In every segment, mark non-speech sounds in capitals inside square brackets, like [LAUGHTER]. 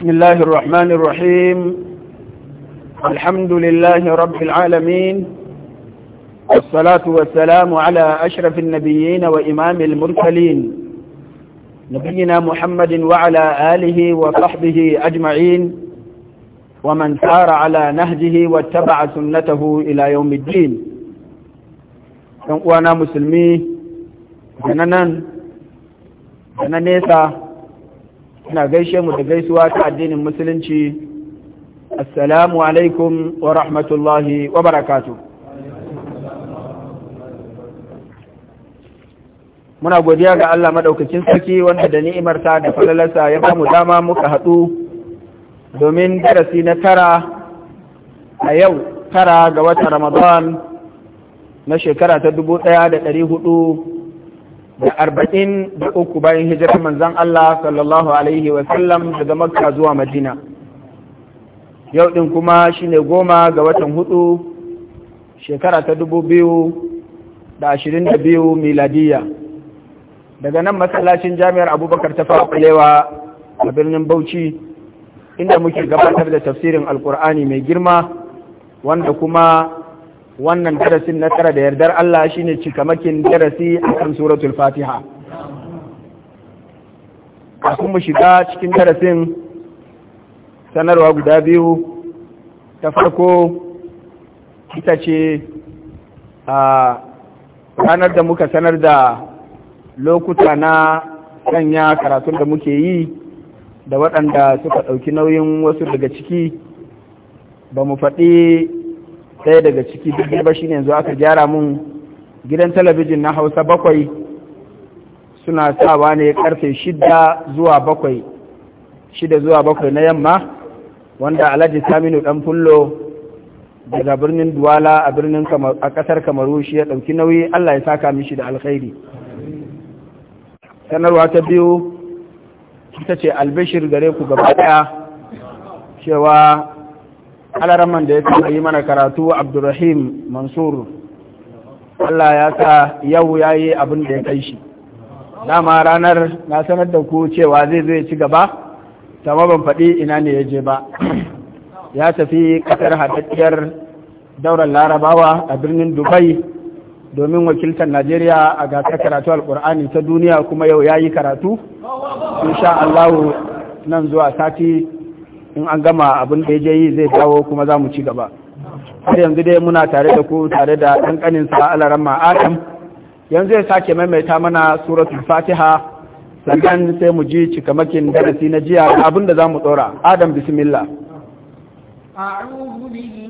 بسم الله الرحمن الرحيم الحمد لله رب العالمين والصلاة والسلام على أشرف النبيين وإمام المرسلين نبينا محمد وعلى آله وصحبه أجمعين ومن سار على نهجه واتبع سنته إلى يوم الدين وأنا مسلمي جنانا نن Ana gaishe mu da gaisuwa ta addinin musulunci assalamu alaikum wa rahmatullahi wa barakatu muna godiya ga Allah madaukakin sarki wanda da ni'imarta da falalarsa ya bamu dama muka haɗu domin darasi na tara a yau tara ga watan ramadan na shekara ta dubu ɗaya da ɗari hudu da arba'in da uku bayan hijirar manzan Allah sallallahu alaihi wasallam daga makka zuwa madina yau ɗin kuma shine goma ga watan hudu shekara ta dubu biyu da ashirin da biyu miladiya daga nan masallacin jami'ar abubakar ta faɗalewa a birnin bauchi inda muke gabatar da tafsirin alkur'ani mai girma wanda kuma wannan darasin na tara da yardar Allah shi shine cikamakin darasi a kan suratul Fatiha kafin mu shiga cikin darasin sanarwa guda biyu ta farko ita ce a ranar da muka sanar da lokuta na sanya karatun da muke yi da waɗanda suka ɗauki nauyin wasu daga ciki ba mu faɗi ɗaya daga ciki duk ba ne yanzu aka gyara mun gidan talabijin na hausa bakwai suna sawa ne karfe shida zuwa bakwai shida zuwa bakwai na yamma wanda alhaji saminu dan fullo daga birnin duwala a birnin a ƙasar kamaru shi ya ɗauki nauyi allah ya saka mishi da alkhairi sanarwa ta biyu ita ce albishir gare ku gaba ɗaya cewa alaraman da ya kama yi mana karatu abdurrahim mansur Allah ya sa yau ya yi abin da ya kai shi dama ranar na sanar da ku cewa zai zai ci gaba sama ban faɗi ina ne ya je ba [CLEARS THROAT] ya tafi ƙasar haɗaɗɗiyar daular larabawa a birnin dubai domin wakiltar najeriya a gasar karatu alƙur'ani ta duniya kuma yau ya yi karatu insha allahu nan zuwa sati in an gama abin da ya yi zai dawo kuma za mu ci gaba har yanzu dai muna tare da ku tare da ɗan ƙaninsa alarama adam yanzu ya sake maimaita mana suratul fatiha sannan sai mu ji cikamakin darasi na jiya abin da za mu tsora adam bismillah أعوذ بسم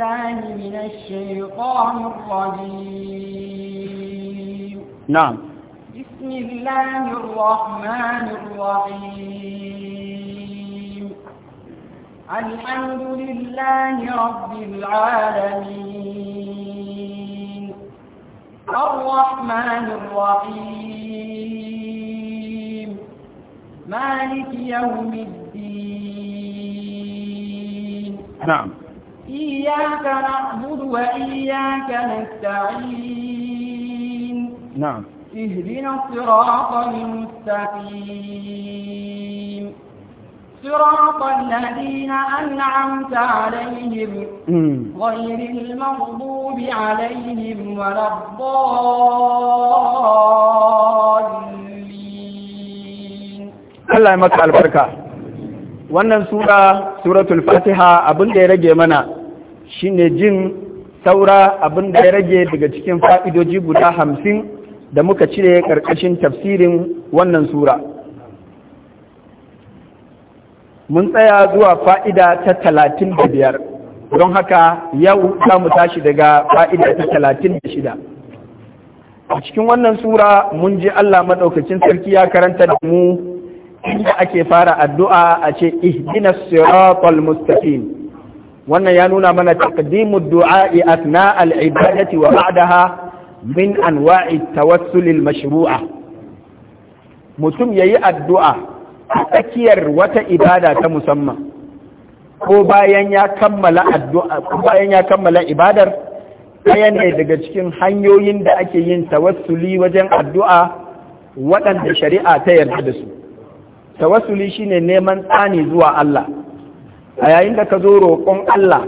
الله الرحمن الرحيم الحمد لله رب العالمين الرحمن الرحيم مالك يوم الدين نعم إياك نعبد وإياك نستعين نعم اهدنا الصراط المستقيم صراط الذين أنعمت عليهم غير المغضوب عليهم ولا الضالين الله يمك البركة wannan sura suratul fatiha abin da ya rage mana shine jin saura abin da ya rage daga cikin fa'idoji guda hamsin da muka cire ƙarƙashin tafsirin wannan sura mun tsaya zuwa fa'ida ta talatin da biyar don haka yau za mu tashi daga fa'ida ta talatin da shida a cikin wannan sura mun ji Allah maɗaukacin sarki ya karanta da mu inda ake fara addu'a a ce ihdina siratal mustaqim wannan ya nuna mana taqdimud du'a'i athna al-ibadati wa ba'daha min anwa'i tawassul al-mashru'a mutum yayi addu'a a tsakiyar wata ibada ta musamman ko bayan ya kammala addu'a ko bayan ya kammala ibadar ɗaya ne daga cikin hanyoyin da ake yin tawassuli wajen addu'a waɗanda shari'a ta yarda da su tawassuli shine neman tsani zuwa Allah a yayin da ka zo roƙon Allah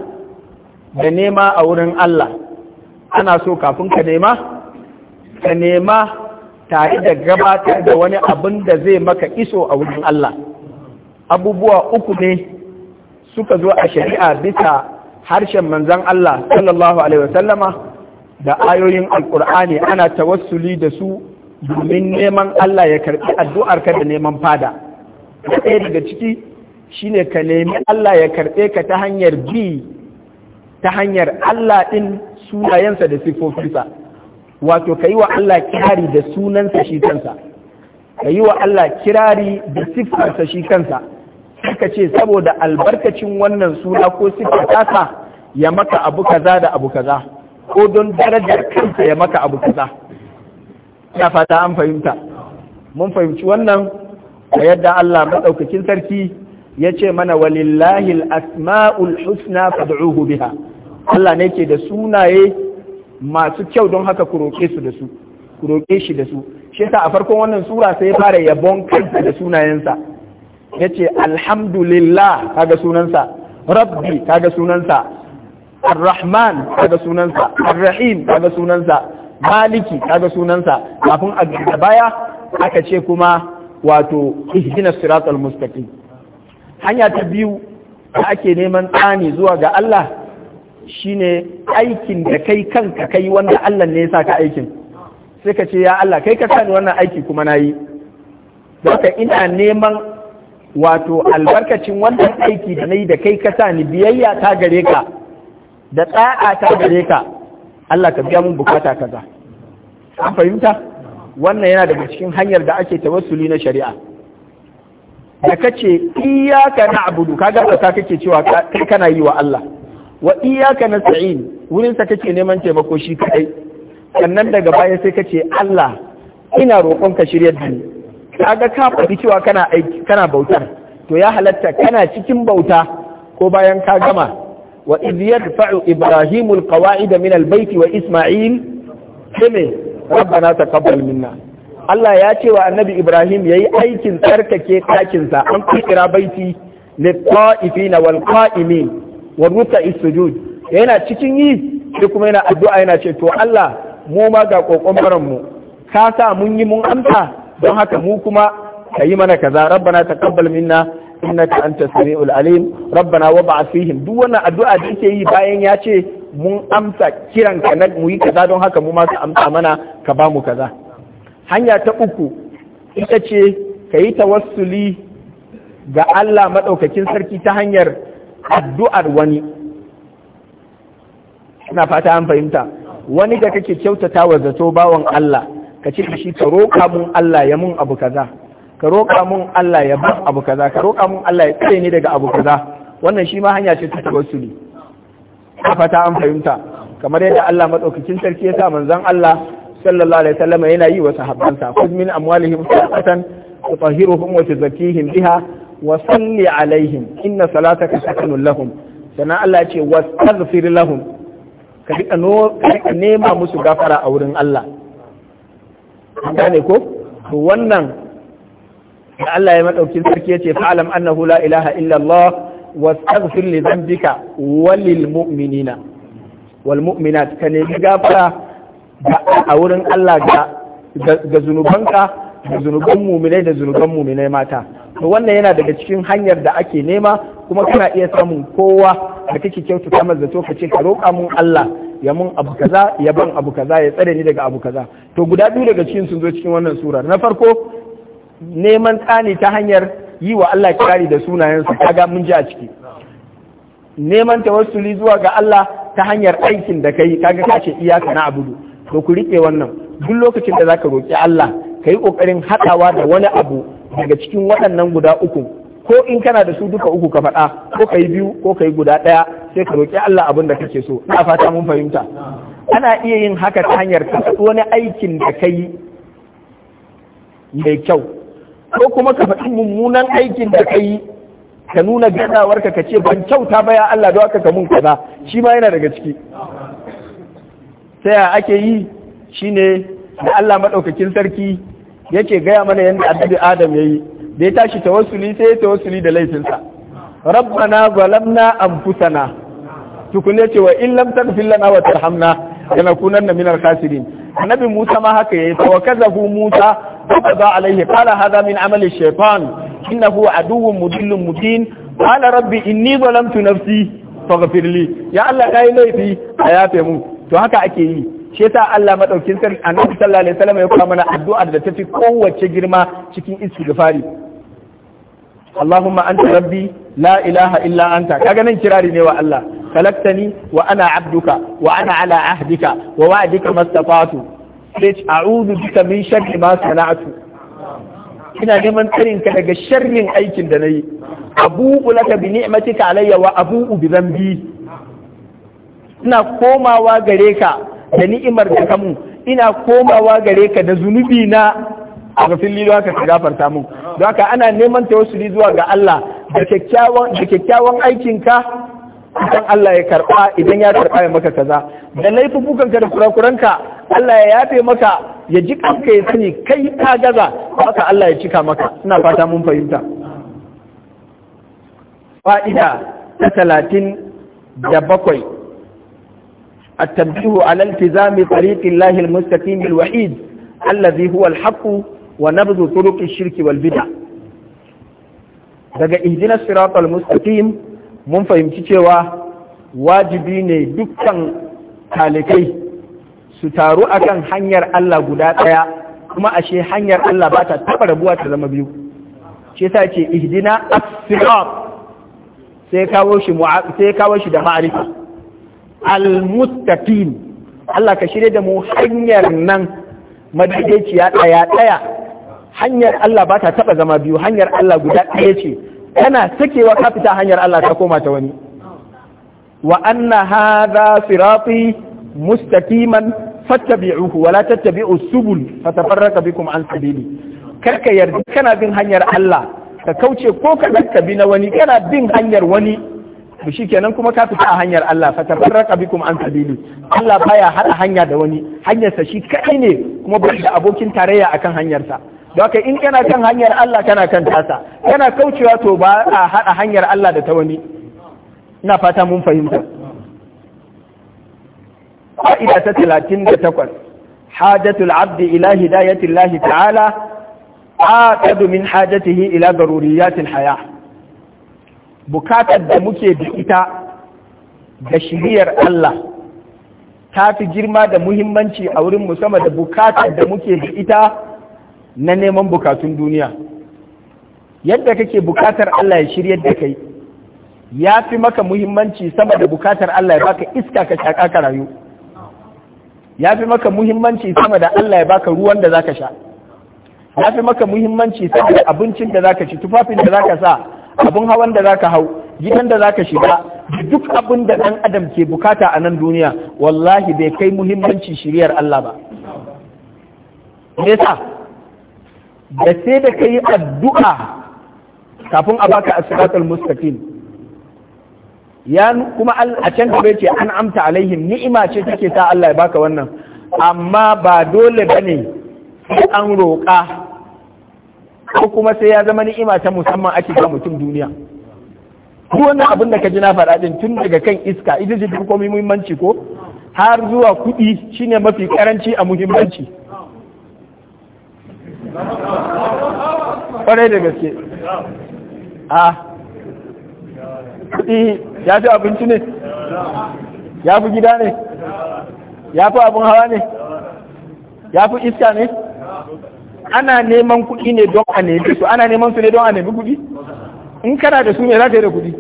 da nema a wurin Allah ana so kafin ka nema ka nema tare da gabatar da wani abin da zai maka iso a wurin Allah abubuwa uku ne suka zo a shari'a bisa harshen manzan Allah sallallahu alaihi wasallama da ayoyin alkur'ani ana tawassuli da su domin neman Allah ya karɓi ka da neman fada ɗaya daga ciki shine ka nemi Allah ya karɓe ka ta hanyar bi ta hanyar Allah ɗin sunayensa da sifofinsa wato ka yi wa Allah kirari da sunansa shi kansa ka yi wa Allah kirari da siffarsa shi kansa suka ce saboda albarkacin wannan suna ko siffar kasa ya maka abu kaza da abu kaza ko don darajar kansa ya maka abu kaza ina fata an fahimta mun fahimci wannan da yadda Allah maɗaukakin sarki ya ce mana walillahi al-asma'ul husna fad'uhu biha Allah ne ke da sunaye masu kyau don haka ku roƙe su da su ku roƙe shi da su shi yasa a farkon wannan sura sai ya fara yabon kansa da sunayensa yace alhamdulillah kaga sunansa rabbi kaga sunansa arrahman kaga sunansa arrahim kaga sunansa maliki kaga sunansa kafin a baya aka ce kuma wato ihdinas siratal mustaqim hanya ta biyu da ake neman tsani zuwa ga Allah shine aikin da kai kanka kai wanda Allah ne ya ka aikin sai ka ce ya Allah kai ka sani wannan aiki kuma na yi haka ina neman wato albarkacin wannan aiki da na yi da kai ka sani biyayya ta gare ka da tsa'a ta gare ka Allah ka biya mun bukata kaza an fahimta wannan yana daga cikin hanyar da ake tawassuli na shari'a da kace iyyaka na'budu kaga ka kake cewa kai kana yi wa Allah wa iyyaka nasta'in wurin sa kake neman taimako shi kai sannan daga baya sai kace Allah ina roƙon ka shiryar da ni kaga ka faɗi cewa kana aiki kana bautar to ya halatta kana cikin bauta ko bayan ka gama wa idh yadfa'u ibrahimu alqawa'ida min albayt wa isma'il kame rabbana taqabbal minna Allah ya ce wa annabi Ibrahim yayi aikin tsarkake ɗakinsa an kira baiti lit-ta'ifina wal-qa'imin wa ruka sujud yana cikin yi sai kuma yana addu'a yana ce to Allah mu ma ga kokon baran mu ka sa mun yi mun amsa don haka mu kuma ka mana kaza rabbana taqabbal minna innaka antas samiul alim rabbana wab'a fihim duk wannan addu'a da yake yi bayan ya ce mun amsa ka na mu yi kaza don haka mu ma ka amsa mana ka ba mu kaza hanya ta uku ita ce ka yi tawassuli ga Allah madaukakin sarki ta hanyar addu'ar wani na fata an fahimta wani da kake kyautata wa zato bawan Allah ka ce shi ka roƙa mun Allah ya mun abu kaza ka roƙa mun Allah ya ban abu kaza ka roƙa mun Allah ya tsare ni daga abu kaza wannan shi ma hanya ce ta tawassuli ina fata an fahimta kamar yadda Allah madaukakin sarki ya sa manzon Allah sallallahu alaihi wasallam yana yi wa sahabbansa khudh min amwalihim sadaqatan tutahhiruhum wa tuzakkihim biha wa salli alaihim inna salataka sakanun lahum sana Allah ce wa lahum ka rika nema musu gafara a wurin Allah an gane ko to wannan da Allah ya madaukin sarki yace fa'alam annahu la ilaha illa Allah wastaghfir li dhanbika walil mu'minina wal mu'minat ka nemi gafara a wurin Allah ga ga zunubanka da zunuban muminai da zunuban muminai mata to wannan yana daga cikin hanyar da ake nema kuma kana iya samun kowa da kake kyautata masa zato ka ce ka roƙa mun Allah ya mun abu kaza ya ban abu kaza ya tsare ni daga abu kaza to guda biyu daga cikin sun zo cikin wannan sura na farko neman tsani ta hanyar yi wa Allah kirari da sunayensa kaga mun ji a ciki neman tawassuli zuwa ga Allah ta hanyar aikin da kai kaga kace iyaka na abudu to ku riƙe wannan duk lokacin da zaka roƙi Allah ka yi ƙoƙarin haɗawa da wani abu daga cikin waɗannan guda uku ko in kana da su duka uku ka faɗa ko ka yi biyu ko ka yi guda ɗaya sai ka roƙi Allah abin da kake so ina fata mun fahimta ana iya yin haka ta hanyar ka faɗi wani aikin da ka yi mai kyau ko kuma ka faɗi mummunan aikin da ka yi ka nuna gazawarka ka ce ban kyauta ba ya Allah don aka ka mun kaza shi ma yana daga ciki sai ake yi shine da Allah maɗaukakin sarki yake gaya mana yadda annabi Adamu ya yi da ya tashi tawassuli sai ya tawassuli da laifinsa rabbana zalamna anfusana tukune ce wa in lam taghfir lana wa tarhamna lanakunanna min al-khasirin annabi musa ma haka yayi to kaza hu musa qada alayhi qala hadha min amali ash-shaytan innahu aduwwun mudillun mubin qala rabbi inni zalamtu nafsi faghfirli ya allah kai laifi a yafe mu to haka ake yi shi yasa Allah madaukin sarki annabi sallallahu alaihi wasallam ya kuma mana addu'a da tafi kowace girma cikin istighfari Allahumma anta rabbi la ilaha illa anta kaga nan kirari ne wa Allah kalaktani wa ana abduka wa ana ala ahdika wa wa'dika mastata'tu sai a'udhu bika min sharri ma sana'tu ina neman tsarin ka daga sharrin aikin da nayi abu'u laka bi ni'matika alayya wa abu'u bi dhanbi ina komawa gare ka da ni'imar da kamu ina komawa gare ka da zunubi na a gafin lilo haka ka gafarta mun haka ana neman tawassuli zuwa ga Allah da kyakkyawan da kyakkyawan aikinka idan Allah ya karba idan ya karba ya maka kaza da laifukan ka da kurakuranka Allah ya yafe maka ya ji kanka ya sani kai ka gaza haka Allah ya cika maka ina fata mun fahimta fa'ida ta talatin da bakwai التنبيه على التزام طريق الله المستقيم الوحيد الذي هو الحق ونبذ طرق الشرك والبدع daga ihdinas siratal mustaqim mun fahimci cewa wajibi ne dukkan talikai su taru akan hanyar Allah guda ɗaya kuma ashe hanyar Allah ba ta taɓa rabuwa ta zama biyu shi ta ce ihdina as sai kawo shi da ma'arifa almuttaqin Allah ka shirya da mu hanyar nan madaidaiciya ɗaya ɗaya hanyar Allah ba ta taɓa zama biyu hanyar Allah guda ɗaya ce kana sakewa ka fita hanyar Allah ta koma ta wani wa anna hadha sirati mustaqiman fattabi'uhu wa la tattabi'u subul fatafarraqa bikum an sabili karka yarda kana bin hanyar Allah ka kauce ko ka bi na wani kana bin hanyar wani to shikenan kuma ka fita a hanyar Allah fa tabarraka bikum an sabili Allah baya hada hanya da wani hanyarsa shi kai ne kuma ba da abokin tarayya akan hanyarsa don haka in kana kan hanyar Allah kana kan tasa kana kaucewa to ba a hada hanyar Allah da ta wani ina fata mun fahimta fa'ida ta 38 hajatul abdi ila hidayatillahi ta'ala aqadu min hajatihi ila daruriyatil hayah bukatar da muke da ita da shiriyar Allah ta fi girma da muhimmanci a wurin musamman da bukatar da muke da ita na neman bukatun duniya yadda kake bukatar Allah ya shiryar da kai ya fi maka muhimmanci sama da bukatar Allah ya baka iska ka shaƙa ka rayu ya fi maka muhimmanci sama da Allah ya baka ruwan da zaka sha ya fi maka muhimmanci sama da abincin da zaka ci tufafin da zaka sa abun hawan da zaka hau gidan da zaka shiga duk abin da ɗan adam ke bukata a nan duniya wallahi bai kai muhimmanci shiriyar Allah ba me yasa da sai da kai addu'a kafin a baka as-siratal mustaqim ya kuma a can gaba ce an amta alaihim ni'ima ce take ta Allah ya baka wannan amma ba dole bane sai an roƙa ko kuma sai ya zama ni'ima ta musamman ake ga mutum duniya ko wannan abin da ka ji na faɗa din tun daga kan iska ita ce duk komai muhimmanci ko har zuwa kuɗi shine mafi karanci a muhimmanci kwarai da gaske a kuɗi ya fi abinci ne ya fi gida ne ya fi abin hawa ne ya fi iska ne ana neman kuɗi ne don a nemi su ana neman su ne don a nemi kuɗi in kana da su ne za ka yi da kuɗi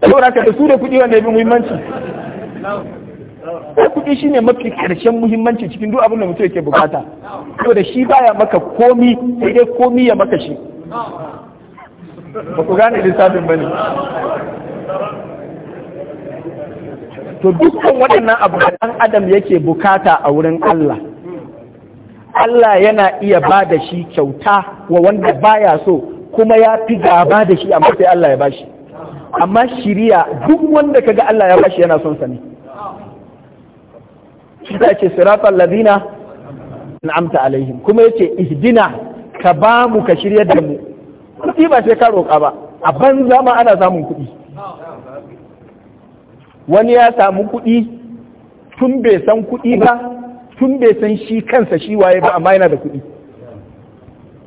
saboda ka da su da kuɗi wanda ya fi muhimmanci ko kuɗi shine mafi ƙarshen muhimmanci cikin duk abin da mutum yake bukata da shi baya maka komi sai dai komi ya maka shi ba ku gane lissafin ba ne to dukkan waɗannan abu da ɗan adam yake bukata a wurin Allah Allah yana iya ba da shi kyauta wa wanda baya so kuma ya fi gaba da shi amma sai Allah ya bashi amma shiriya duk wanda kaga Allah ya bashi yana son sa ne shi ta ce siratal ladina na amta alaihim kuma yace ihdina ka ba mu ka shirya da mu kuɗi ba sai ka roƙa ba a banza ma ana samun kuɗi wani ya samu kuɗi tun bai san kuɗi ba tun bai san shi kansa shi waye ba amma yana da kuɗi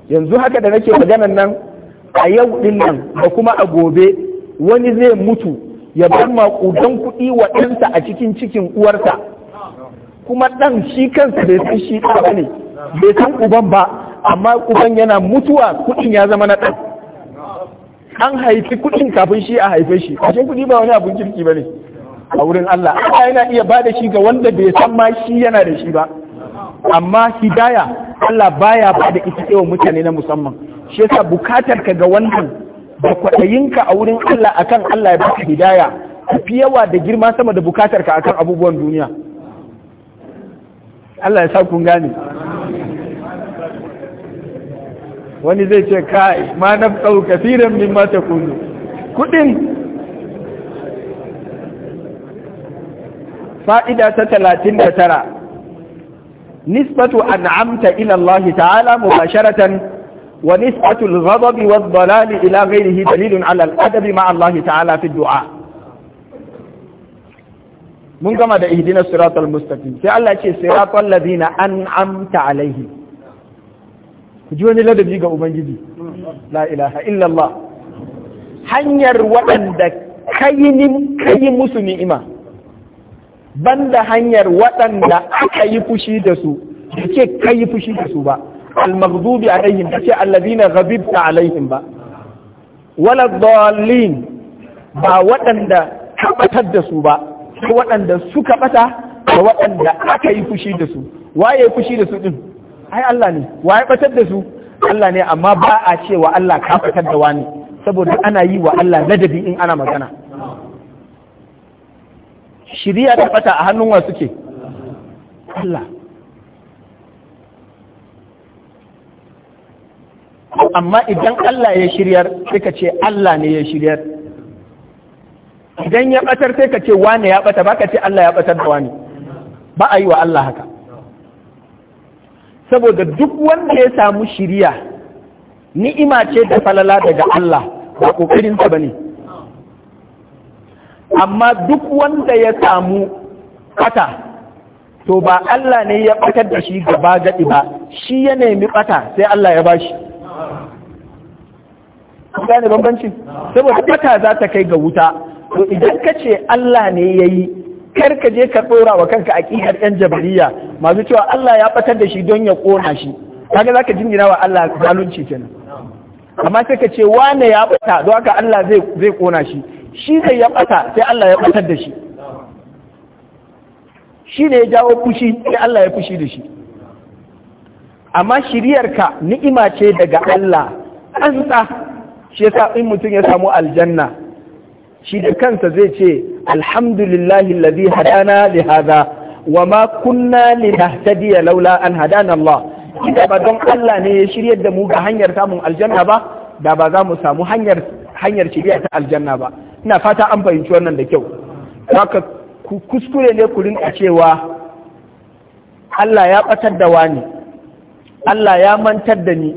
yanzu haka da nake maganan nan a yau din nan da kuma a gobe wani zai mutu ya bar maƙudan kuɗi wa ɗansa a cikin cikin uwarsa kuma ɗan shi kansa bai san shi ɗan ba ne bai san uban ba amma uban yana mutuwa kuɗin ya zama na ɗan an haifi kuɗin kafin shi a haife shi a kuɗi ba wani abun kirki ba ne a wurin Allah Allah yana iya ba da shi ga wanda bai san ma shi yana da shi ba amma hidaya Allah baya ba da ita yawan mutane na musamman shi yasa bukatar ka ga wannan da kwaɗayinka a wurin Allah akan Allah ya baka hidaya fi yawa da girma sama da bukatar ka akan abubuwan duniya Allah ya sa kun gane wani zai ce kai ma na tsau kafiran min mata kunu kudin fa'ida ta talatin da tara nisbatu an'amta ila Allah ta'ala mubasharatan wa nisbatu al-ghadabi wa ad ila ghayrihi dalilun ala adabi ma'a Allah ta'ala fi du'a mun gama da ihdina siratal mustaqim sai Allah ce siratal ladina an'amta alaihi ku ji wani ladabi ga ubangiji la ilaha illallah hanyar waɗanda kayi musu ni'ima banda hanyar waɗanda aka yi fushi da su da ce ka yi fushi da su ba al-maghdubi alaihim da ce allazina ghadibta alaihim ba wala dallin ba waɗanda ka batar da su ba ko waɗanda suka bata da waɗanda aka yi fushi da su waye fushi da su din ai Allah ne waye batar da su Allah ne amma ba a cewa Allah ka batar da wani saboda ana yi wa Allah ladabi in ana magana Shirya da bata a hannun wa suke Allah amma idan Allah ya shiryar sai ka ce Allah ne ya shiryar idan ya batar sai ka ce wane ya bata baka ce Allah ya batar da wani ba a yi wa Allah haka saboda duk wanda ya samu shiriya ni'ima ce da falala daga Allah ba ƙoƙarinsa ba ne amma duk wanda ya samu ɓata to ba Allah ne ya ɓatar da shi gaba gaɗi ba shi ya nemi ɓata sai Allah ya bashi gane bambancin saboda ɓata za ta kai ga wuta to idan ka ce Allah ne ya yi kar ka je ka ɗora wa kanka ƙihar 'yan jabariya masu cewa Allah ya ɓatar da shi don ya ƙona shi kaga za ka jingina wa Allah zalunci kenan amma sai ka ce wane ya ɓata don haka Allah zai ƙona shi shi ne ya ɓata sai Allah ya ɓatar da shi shi ne ya jawo fushi sai Allah ya fushi da shi amma shiryarka ni'ima ce daga Allah an shi yasa in mutum ya samu aljanna shi da kansa zai ce alhamdulillahi alladhi hadana li hadha wa ma kunna linahtadiya laula an hadana Allah idan ba don Allah ne ya shiryar da mu ga hanyar samun aljanna ba da ba za mu samu hanyar hanyar shiriya ta aljanna ba ina fata an fahimci wannan da kyau haka kuskure ne ku rinka cewa Allah ya batar da wani Allah ya mantar da ni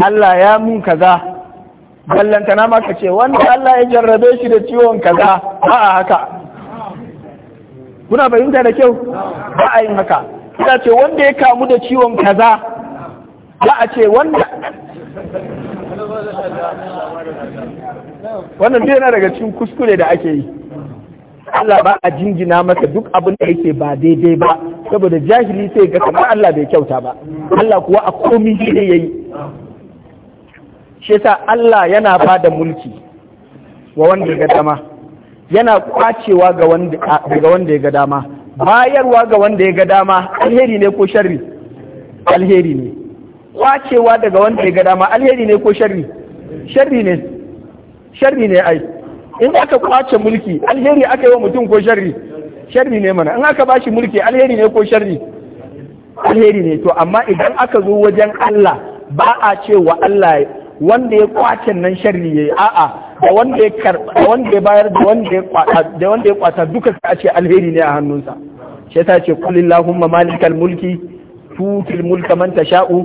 Allah ya mun kaza ballanta na ka ce wanda Allah ya jarrabe shi da ciwon kaza ba a haka kuna fahimta da kyau ba a yin haka kuna ce wanda ya kamu da ciwon kaza ba a ce wanda wannan duk yana daga cikin kuskure da ake yi Allah ba a jingina masa duk abin da yake ba daidai ba saboda jahili sai ga kamar Allah bai kyauta ba Allah kuwa a komi shi ne yayi shi yasa Allah yana da mulki wa wanda ga dama yana kwacewa ga wanda ga wanda ya ga dama bayarwa ga wanda ya ga dama alheri ne ko sharri alheri ne kwacewa daga wanda ya ga dama alheri ne ko sharri sharri ne sharri ne ai in aka kwace mulki alheri aka yi wa mutum ko sharri sharri ne mana in aka bashi mulki alheri ne ko sharri alheri ne to amma idan aka zo wajen Allah ba a cewa Allah wanda ya kwace nan sharri yayi a'a da wanda ya karba wanda ya bayar da wanda ya kwata da wanda ya kwata duka sai a ce alheri ne a hannunsa sai ta ce qul illahumma malikal mulki tutil mulka man tasha'u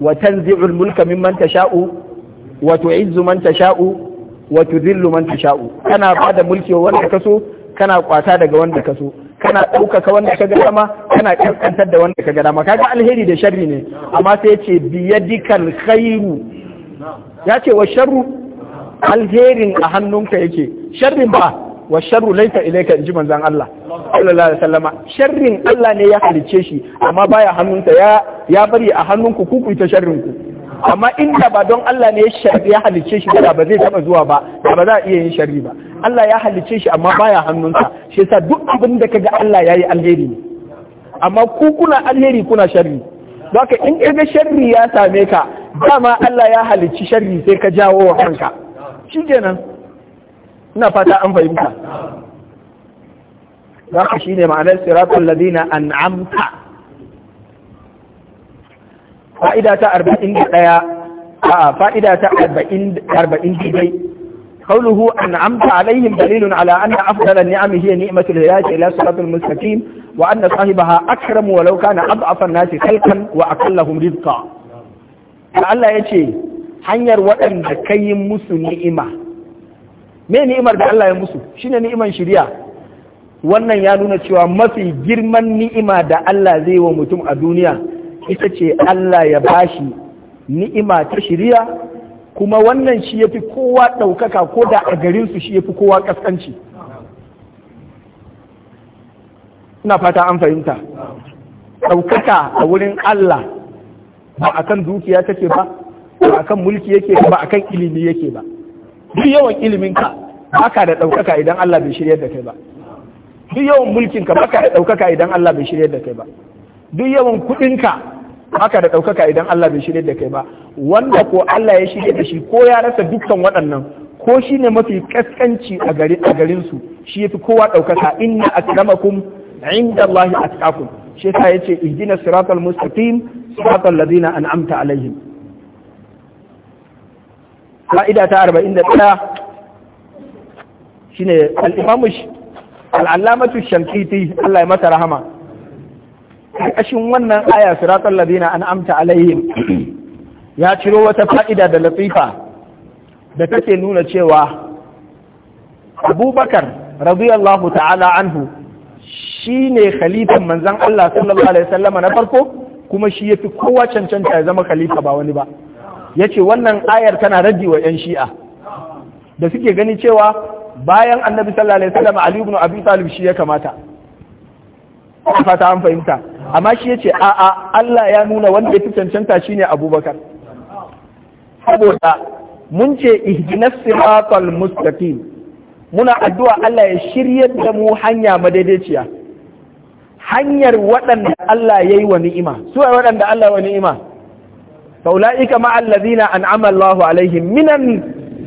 wa tanzi'ul mulka mimman tasha'u wa tu'izzu man tasha'u wa tudhillu man tasha'u kana bada mulki wa wanda kaso kana kwata daga wanda kaso kana ɗaukaka wanda ka ga dama kana ƙasƙantar da wanda ka ga dama kaga alheri da sharri ne amma sai ya ce biyadikal khairu ya ce wa sharru alherin a hannunka yake sharrin ba wa sharru laita ilaika inji manzon Allah sallallahu alaihi wasallama sharrin Allah ne ya halicce shi amma baya hannunsa ya ya bari a hannunku ku ku ta sharrin amma inda ba don Allah ne ya shari halicce shi da ba zai taba zuwa ba da ba za a iya yin shari ba Allah ya halicce shi amma baya hannunsa shi yasa duk abin da kaga Allah yayi alheri ne amma ku kuna alheri kuna sharri don haka in kaga sharri ya same ka dama Allah ya halicci sharri sai ka jawo wa kanka nan, ina fata an fahimta haka shine ma'anar siratul ladina an'amta fa'ida ta arba'in da ɗaya a fa'ida ta arba'in daidai قوله أنعمت عليهم دليل على أن أفضل النعم هي نعمة الهداية إلى صراط المستقيم وأن صاحبها أكرم ولو كان أضعف الناس خلقا وأقلهم رزقا Allah ya ce hanyar waɗanda ka yi musu ni'ima me ni'imar da Allah ya musu shine ni'iman shirya wannan ya nuna cewa mafi girman ni'ima da Allah zai wa mutum a duniya ita ce Allah ya bashi ni'ima ta shiriya kuma wannan shi yafi kowa ɗaukaka ko da a garinsu shi yafi kowa ƙasƙanci ina fata an fahimta ɗaukaka a wurin Allah ba a kan dukiya take ba ba a kan mulki yake ba a kan ilimi yake ba duk yawan iliminka baka da ɗaukaka idan Allah bai shirya da kai ba duk yawan mulkinka baka da ɗaukaka idan Allah bai shirya da kai ba duk yawan kuɗinka haka da ɗaukaka idan Allah bai shirya da kai ba wanda ko Allah ya shirya da shi ko ya rasa dukkan waɗannan ko shi ne mafi kaskanci a garin su shi yafi kowa ɗaukaka inna akramakum inda Allah atqakum shi yasa yace ihdina siratal mustaqim siratal ladina an'amta alaihim fa'ida ta 41 shine al-imam al-allamatu shankiti Allah ya mata rahama ƙarƙashin wannan aya siratal ladina amta alaihim ya ciro wata fa'ida da latifa da take nuna cewa abubakar radiyallahu ta'ala anhu shi ne khalifan manzan Allah sallallahu alaihi wasallama na farko kuma shi ya fi kowa cancanta ya zama khalifa ba wani ba Ya ce wannan ayar tana raddi wa yan shi'a da suke gani cewa bayan annabi sallallahu alaihi wasallama Ali ibn Abi Talib shi ya kamata fata an fahimta amma shi yace a a Allah ya nuna wanda ya fi cancanta shine Abubakar saboda mun ce ihdinas siratal mustaqim muna addu'a Allah ya shiryar da mu hanya madaidaiciya hanyar waɗanda Allah ya yi wa ni'ima su waɗanda Allah wa ni'ima faula'ika ma allazina an'ama Allahu alaihim minan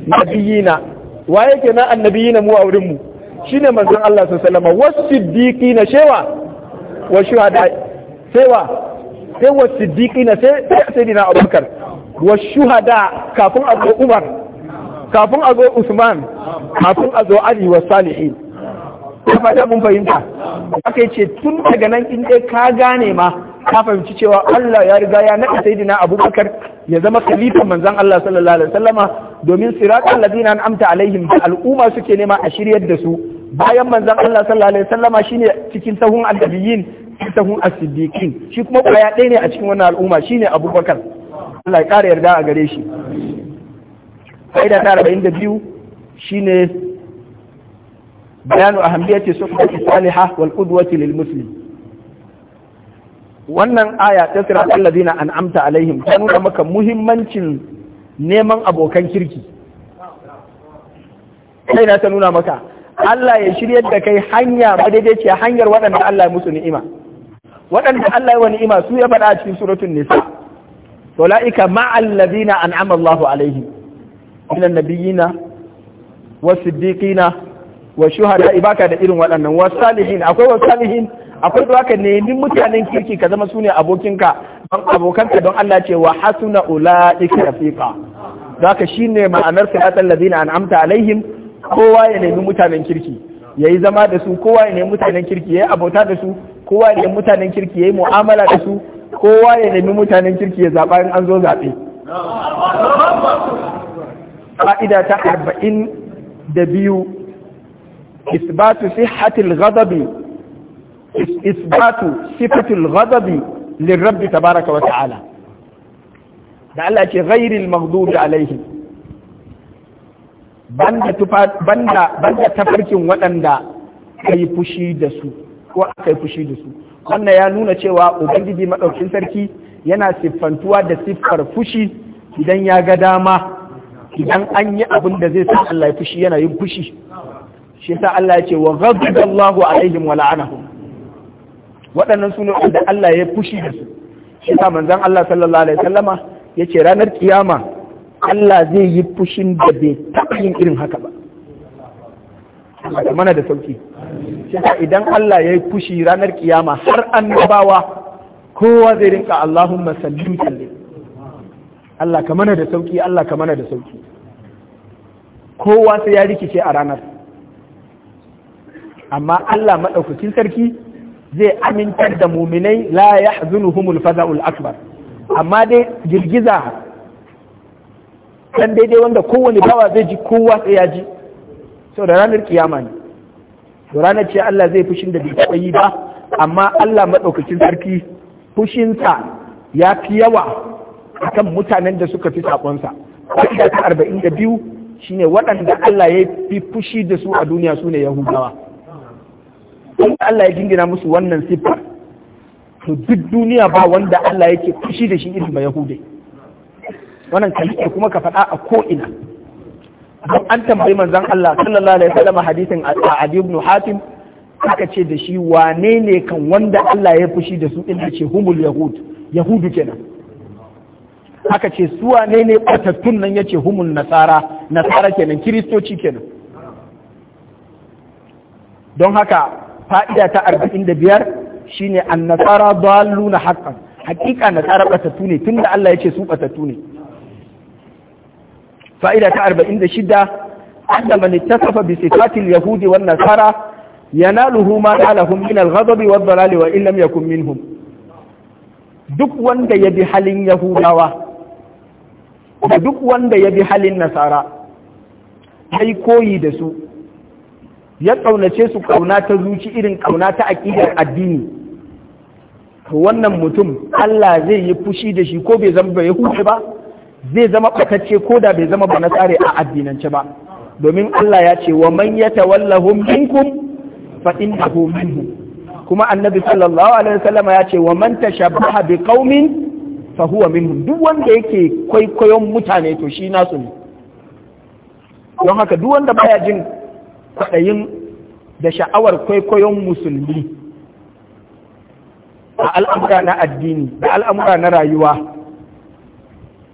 nabiyina wa yake na annabiyina mu a wurin mu shine manzon Allah sallallahu alaihi wasallam was shewa wa shuhada sai wa sai wa siddiqina sai sai dina abubakar wa shuhada kafin a zo umar kafin a zo usman kafin a zo ali wa salihin ta fata mun fahimta aka ce tun daga nan in dai ka gane ma ka fahimci cewa Allah ya riga ya naɗa sayyidina Abubakar ya zama khalifan manzon Allah sallallahu alaihi wasallama domin siratal ladina an'amta alaihim da al'umma suke nema a shiryar da su bayan manzon Allah sallallahu alaihi wasallama shine cikin sahun annabiyyin tahun a siddiqin shi kuma kwaya ɗaya ne a cikin wannan al'umma shine abubakar Allah ya ƙara yarda a gare shi fa'ida ta arba'in da biyu shine bayanu ahammiyati suhbati salihah wal qudwati lil muslim wannan aya ta sirat allazina an'amta alaihim ta nuna maka muhimmancin neman abokan kirki sai na ta nuna maka Allah ya shiryar da kai hanya madaidaiciya hanyar waɗanda Allah ya musu ni'ima waɗanda Allah ya wani ima su ya faɗa a cikin suratun nisa ulaika ma'al ladina an'ama Allahu alaihim min annabiyina wasiddiqina wa shuhada ibaka da irin waɗannan wasalihin akwai wasalihin akwai da ka nemi mutanen kirki ka zama sune abokinka don abokanka don Allah ce wa hasuna ulaika rafiqa ka shine ma'anar siratal ladina an'amta alaihim kowa ya nemi mutanen kirki yayi zama da su kowa ya nemi mutanen kirki yayi abota da su kowa ya mutanen kirki ya yi mu'amala da su kowa ya nemi mutanen kirki ya zaɓa in an zo zaɓe Fa'ida ta arba'in da biyu isbatu sihatil ghadabi isbatu sifatul ghadabi lirrabbi tabaraka wa ta'ala da Allah ke ghairil maghdubi alaihi banda banda banda tafarkin waɗanda kai fushi da su ko aka yi fushi da su wannan ya nuna cewa ubangiji maɗaukin sarki yana siffantuwa da siffar fushi idan ya ga dama idan an yi abin da zai sa Allah ya fushi yana yin fushi shi yasa Allah ya ce wa ghadda Allahu alaihim wa la'anahum waɗannan sune wanda Allah ya fushi da su shi yasa manzon Allah sallallahu alaihi wasallama yace ranar kiyama Allah zai yi fushin da bai taɓa yin irin haka ba Allah mana da sauki shi idan Allah ya yi fushi ranar kiyama har annabawa kowa zai rinka Allahumma sallu salli Allah ka mana da sauki Allah ka mana da sauki kowa sai ya rikice a ranar amma Allah maɗaukacin sarki zai amintar da muminai la yahzunuhumul faza'ul akbar amma dai girgiza dan daidai wanda kowane bawa zai ji kowa sai ya ji sau da ranar kiyama ne da ranar ce Allah zai fushin da bai taɓa yi ba amma Allah maɗaukacin sarki fushinsa ya fi yawa akan mutanen da suka fi saƙonsa ƙa'ida ta arba'in da biyu shine waɗanda Allah ya fi fushi da su a duniya su ne Yahudawa in Allah ya jingina musu wannan siffar to duk duniya ba wanda Allah yake fushi da shi irin ba Yahudai wannan kuma ka faɗa a ko'ina don an tambayi manzon Allah sallallahu alaihi wasallam hadisin a ibn Hatim aka ce da shi wane ne kan wanda Allah ya fushi da su ina ce humul yahud yahudu kenan aka ce su wane ne batattun nan yace humul nasara nasara kenan kiristoci kenan don haka fa'ida ta arba'in da biyar shine annasara dalluna haqqan hakika nasara batattu ne tunda Allah ya yace su batattu ne fa'ida ta da shida, man ittasafa bi sifatil yahudi wan nasara yana ma lahum min al-ghadabi wad-dhalali wa illam min minhum duk wanda ya bi halin yahudawa da duk wanda ya bi halin nasara sai koyi da su ya tsaunace su ƙauna ta zuci irin ƙauna ta aƙidar addini wannan mutum Allah zai yi fushi da shi ko bai zama bai huce ba zai zama ɓatacce ko da bai zama ba na tsare a addinance ba domin Allah ya ce wa man ya yatawallahum minkum fa innahu minhum kuma annabi sallallahu alaihi wasallam ya ce wa man tashabbaha bi qaumin fa huwa minhum duk wanda yake kwaikwayon mutane to shi nasu ne don haka duk wanda baya jin kwaɗayin da sha'awar kwaikwayon musulmi a al'amura na addini da al'amura na rayuwa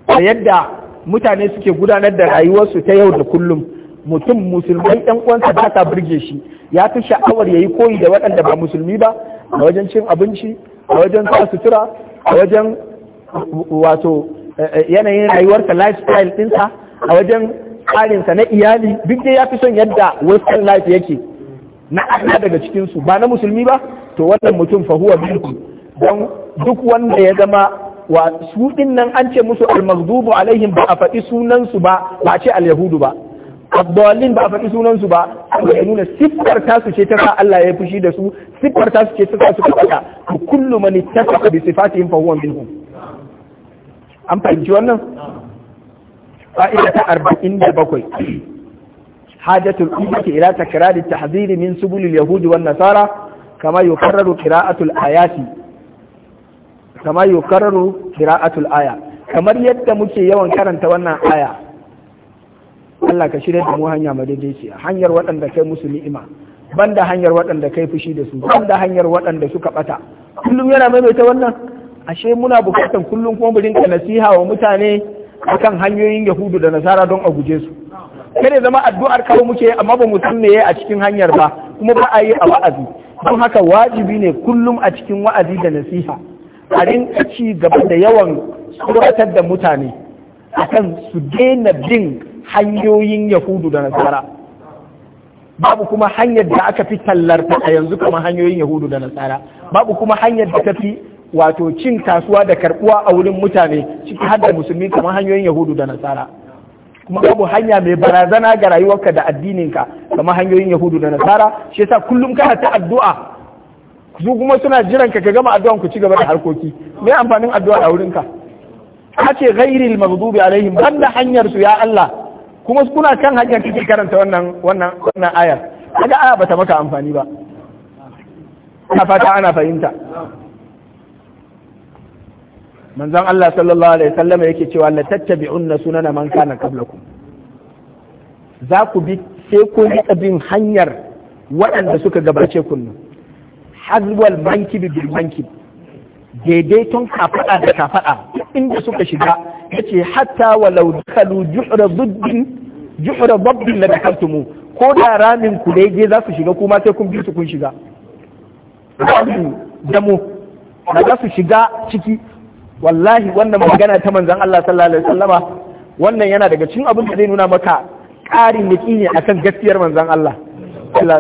da yadda mutane suke gudanar da rayuwarsu ta yau da kullum mutum musulmai ɗan uwansa ba ta burge shi ya fi sha'awar ya yi koyi da waɗanda ba musulmi ba a wajen cin abinci a wajen sa sutura a wajen wato eh, eh, yanayin rayuwarsa lifestyle ɗinsa a wajen tsarinsa na iyali duk dai ya fi son yadda western life yake na ana daga cikinsu ba na musulmi ba to wannan mutum fa huwa don duk wanda ya zama wa su nan an ce musu al-maghdubu alaihim ba a faɗi sunansu ba ba a ce al-yahudu ba abdallin ba a faɗi sunansu ba ya nuna siffar su ce ta sa Allah ya fushi da su siffar su ce ta sa suka faɗa ku kullu man ittafaqa bi sifatihim fa huwa minhum an fahimci wannan fa'ida ta 47 hajatul ummati ila takrari at-tahdhir min subul al wan nasara kama yuqarraru qira'atu al-ayati kama yukarraru qira'atul aya kamar yadda muke yawan karanta wannan aya Allah ka shirya da mu hanya madaidaiciya hanyar waɗanda kai musu ni'ima banda hanyar waɗanda kai fushi da su banda hanyar waɗanda suka ɓata kullum yana maimaita wannan ashe muna bukatan kullum kuma mu rinka nasiha wa mutane akan hanyoyin yahudu da nasara don a guje su kada zama addu'ar kawo muke amma ba mu san meye a cikin hanyar ba kuma ba a yi a wa'azi don haka wajibi ne kullum a cikin wa'azi da nasiha a rinka ci gaba da yawan tsoratar da mutane akan su daina bin hanyoyin yahudu da nasara babu kuma hanyar da aka fi tallarta a yanzu kuma hanyoyin yahudu da nasara babu kuma hanyar da ta fi wato cin kasuwa da karbuwa a wurin mutane ciki har da musulmi kamar hanyoyin yahudu da nasara kuma babu hanya mai barazana ga rayuwarka da addininka kamar hanyoyin yahudu da nasara shi yasa kullum kana ta addu'a su kuma suna jiran ka gama addu'an ku ci gaba da harkoki me amfanin addu'a a wurinka ka ghairi al maghdubi alaihim banda hanyar su ya Allah kuma kuna kan hanyar kike karanta wannan wannan wannan ayar kaga aya bata maka amfani ba ina fata ana fahimta manzon Allah sallallahu alaihi wasallam yake cewa la tattabi'unna sunana man kana qablakum za ku bi sai kun bi hanyar waɗanda suka gabace kunnu hazwal bi bil mankib daidaiton kafada da kafada inda suka shiga yace hatta walau dakalu juhra duddin juhra dabbin la dakaltumu ko da ramin ku dai je za su shiga kuma sai kun bi su kun shiga damo da za su shiga ciki wallahi wannan magana ta manzon Allah sallallahu alaihi wasallama wannan yana daga cikin abin da zai nuna maka ƙarin yaki ne akan gaskiyar manzon Allah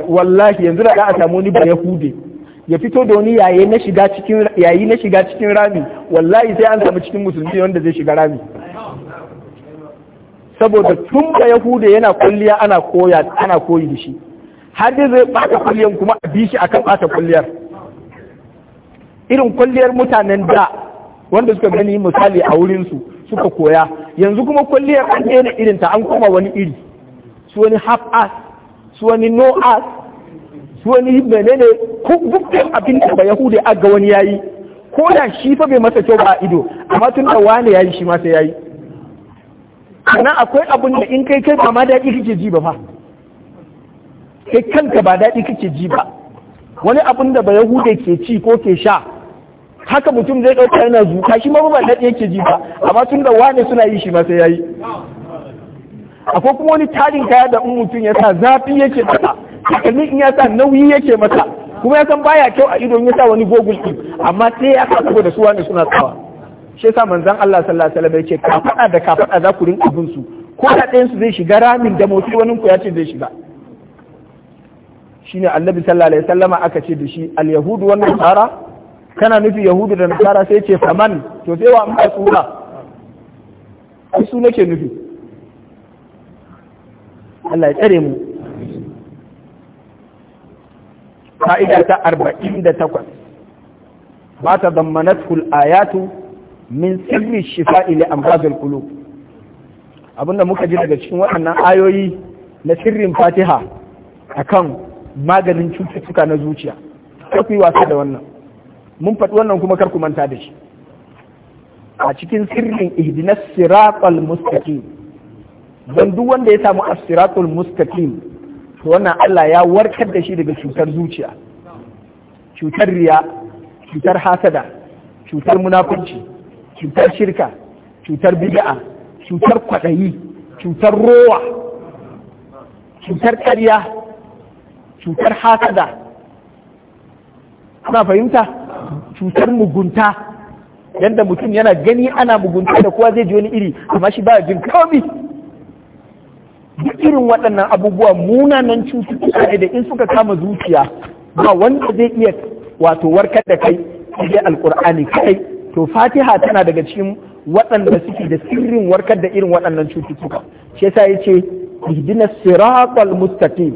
wallahi yanzu da za a samu ni ba yahude ya fito da wani yayi na shiga cikin rami wallahi sai an samu cikin musulmi wanda zai shiga rami saboda tun da yahuda yana kulliya ana koya ana koyi da shi har dai zai bata kulliyar kuma a bi shi akan bata kulliyar irin kulliyar mutanen da wanda suka gani misali a wurin su suka koya yanzu kuma kulliyar an daina irin ta an koma wani iri su wani half ass su wani no ass wani menene ko dukkan abin da yahudi aga wani yayi ko da shi fa bai masa kyau ba a ido amma tun da wani yayi shi ma sai yayi kana akwai abin da in kai kai ba ma daɗi kake ji ba fa kai kanka ba daɗi kake ji ba wani abin da ba yahude ke ci ko ke sha haka mutum zai ɗauka yana zuka shi ma ba daɗi yake ji ba amma tun da wani suna yi shi ma sai yayi akwai kuma wani tarin kaya da in mutum ya sa zafi yake da takalmin in ya sa nauyi yake masa kuma ya san baya kyau a idon ya sa wani gogul din amma sai ya sa saboda su wani suna tsawa shi yasa manzon Allah sallallahu alaihi wasallam yake ka fada da ka fada za ku rinka bin su ko da ɗayan su zai shiga ramin da motsi wani ku ya ce zai shiga shine annabi sallallahu alaihi wasallam aka ce da shi al yahudu wan nasara kana nufi yahudu da nasara sai ce faman to sai wa amma sura su nake nufi Allah ya tsare mu fa'ida ta arba'in da takwas ba ta zammanatu ayatu min sirri shifa'i li amradul qulub abinda muka ji daga cikin waɗannan ayoyi na sirrin fatiha kan maganin cututtuka na zuciya ku yi wasa da wannan mun faɗi wannan kuma kar ku manta da shi a cikin sirrin ihdinas siratal mustaqim don duk wanda ya samu as-siratul mustaqim to wannan Allah ya warkar da shi daga cutar zuciya cutar riya cutar hasada cutar munafunci cutar shirka cutar bid'a cutar kwaɗayi cutar rowa cutar karya cutar hasada Kuna fahimta cutar mugunta yadda mutum yana gani ana mugunta da kowa zai ji wani iri amma shi ba jin komi duk irin waɗannan abubuwa munanan cututtuka ne da in suka kama zuciya ba wanda zai iya wato warkar da kai sai alkur'ani kai to fatiha tana daga cikin waɗanda suke da sirrin warkar da irin waɗannan cututtuka shi yasa yace ihdinas siratal mustaqim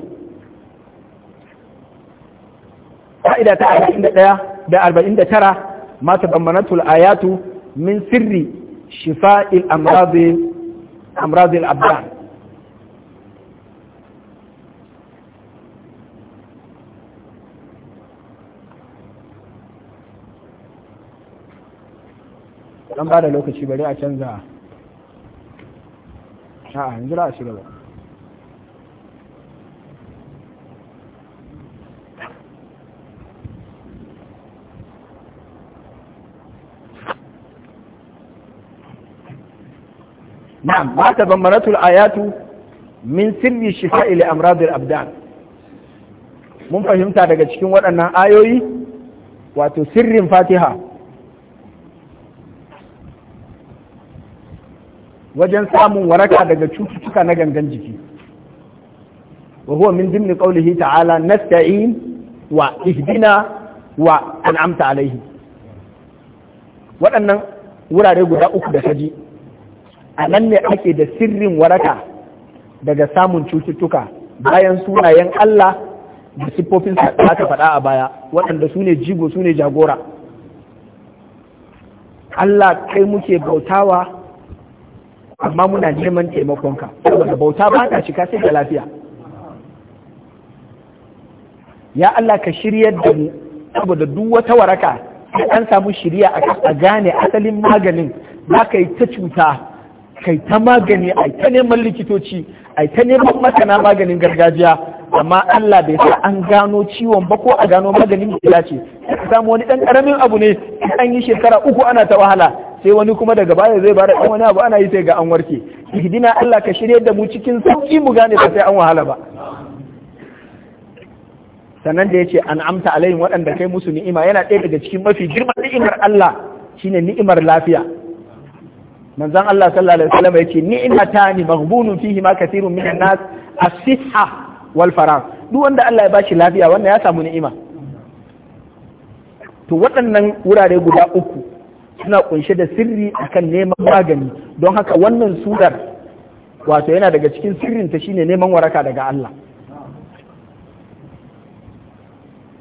fa'ida ta 41 da 49 ma tabammanatul ayatu min sirri shifa'il amradi amradi al-abdan dan ba da lokaci bari a canza a'a yanzu za a shiga ba نعم ما تضمنته الآيات mun fahimta daga cikin waɗannan ayoyi wato sirrin fatiha wajen samun waraka daga cututtuka na gangan jiki wa huwa min dimni qawlihi ta'ala nasta'in wa ihdina wa an'amta alaihi waɗannan wurare guda uku da saji a nan ne ake da sirrin waraka daga samun cututtuka bayan sunayen Allah da siffofin da aka faɗa a baya waɗanda su ne jigo su ne jagora Allah kai muke bautawa amma muna neman taimakonka saboda bauta ba ta cika sai da lafiya ya Allah ka shiryar da mu saboda duk wata waraka an samu shirya a gane asalin maganin za ka yi ta cuta kai ta magani a ta neman likitoci a ta neman masana maganin gargajiya amma Allah bai sa an gano ciwon ba ko a gano maganin da ce samu wani ɗan karamin abu ne an yi shekara uku ana ta wahala sai wani kuma daga baya zai bada dan wani abu ana yi sai ga an warke ihdina Allah ka shirye da mu cikin sauki mu gane ba sai an wahala ba sannan da yace an'amta alaihim waɗanda kai musu ni'ima yana ɗaya daga cikin mafi girman ni'imar Allah shine ni'imar lafiya manzon Allah sallallahu alaihi wasallam yace ni'matani maghbunun fihi ma kathirun minan nas as-sihha wal faragh duk wanda Allah ya bashi lafiya wannan ya samu ni'ima to waɗannan wurare guda uku suna kunshe da sirri akan neman magani don haka wannan surar wato yana daga cikin sirrinta shine neman waraka daga Allah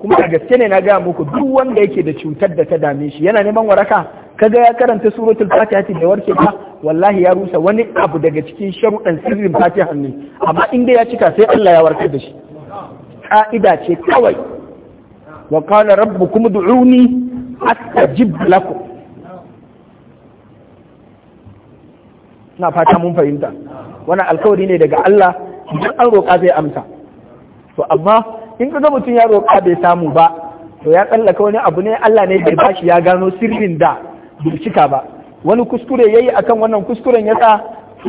kuma a gaske ne na gaya muku duk wanda yake da cutar da ta dame shi yana neman waraka kaga ya karanta suratul fatiha da warke ka wallahi ya rusa wani abu daga cikin sharuɗan sirrin fatiha ne amma in dai ya cika sai Allah ya warkar da shi ka'ida ce kawai wa qala rabbukum ud'uni astajib lakum na fata mun fahimta wannan alkawari ne daga Allah idan an roƙa zai amsa to amma in ka ga mutum ya roƙa bai samu ba to ya tsallaka wani abu ne Allah ne bai bashi ya gano sirrin da bai cika ba wani kuskure yayi akan wannan kuskuren ya sa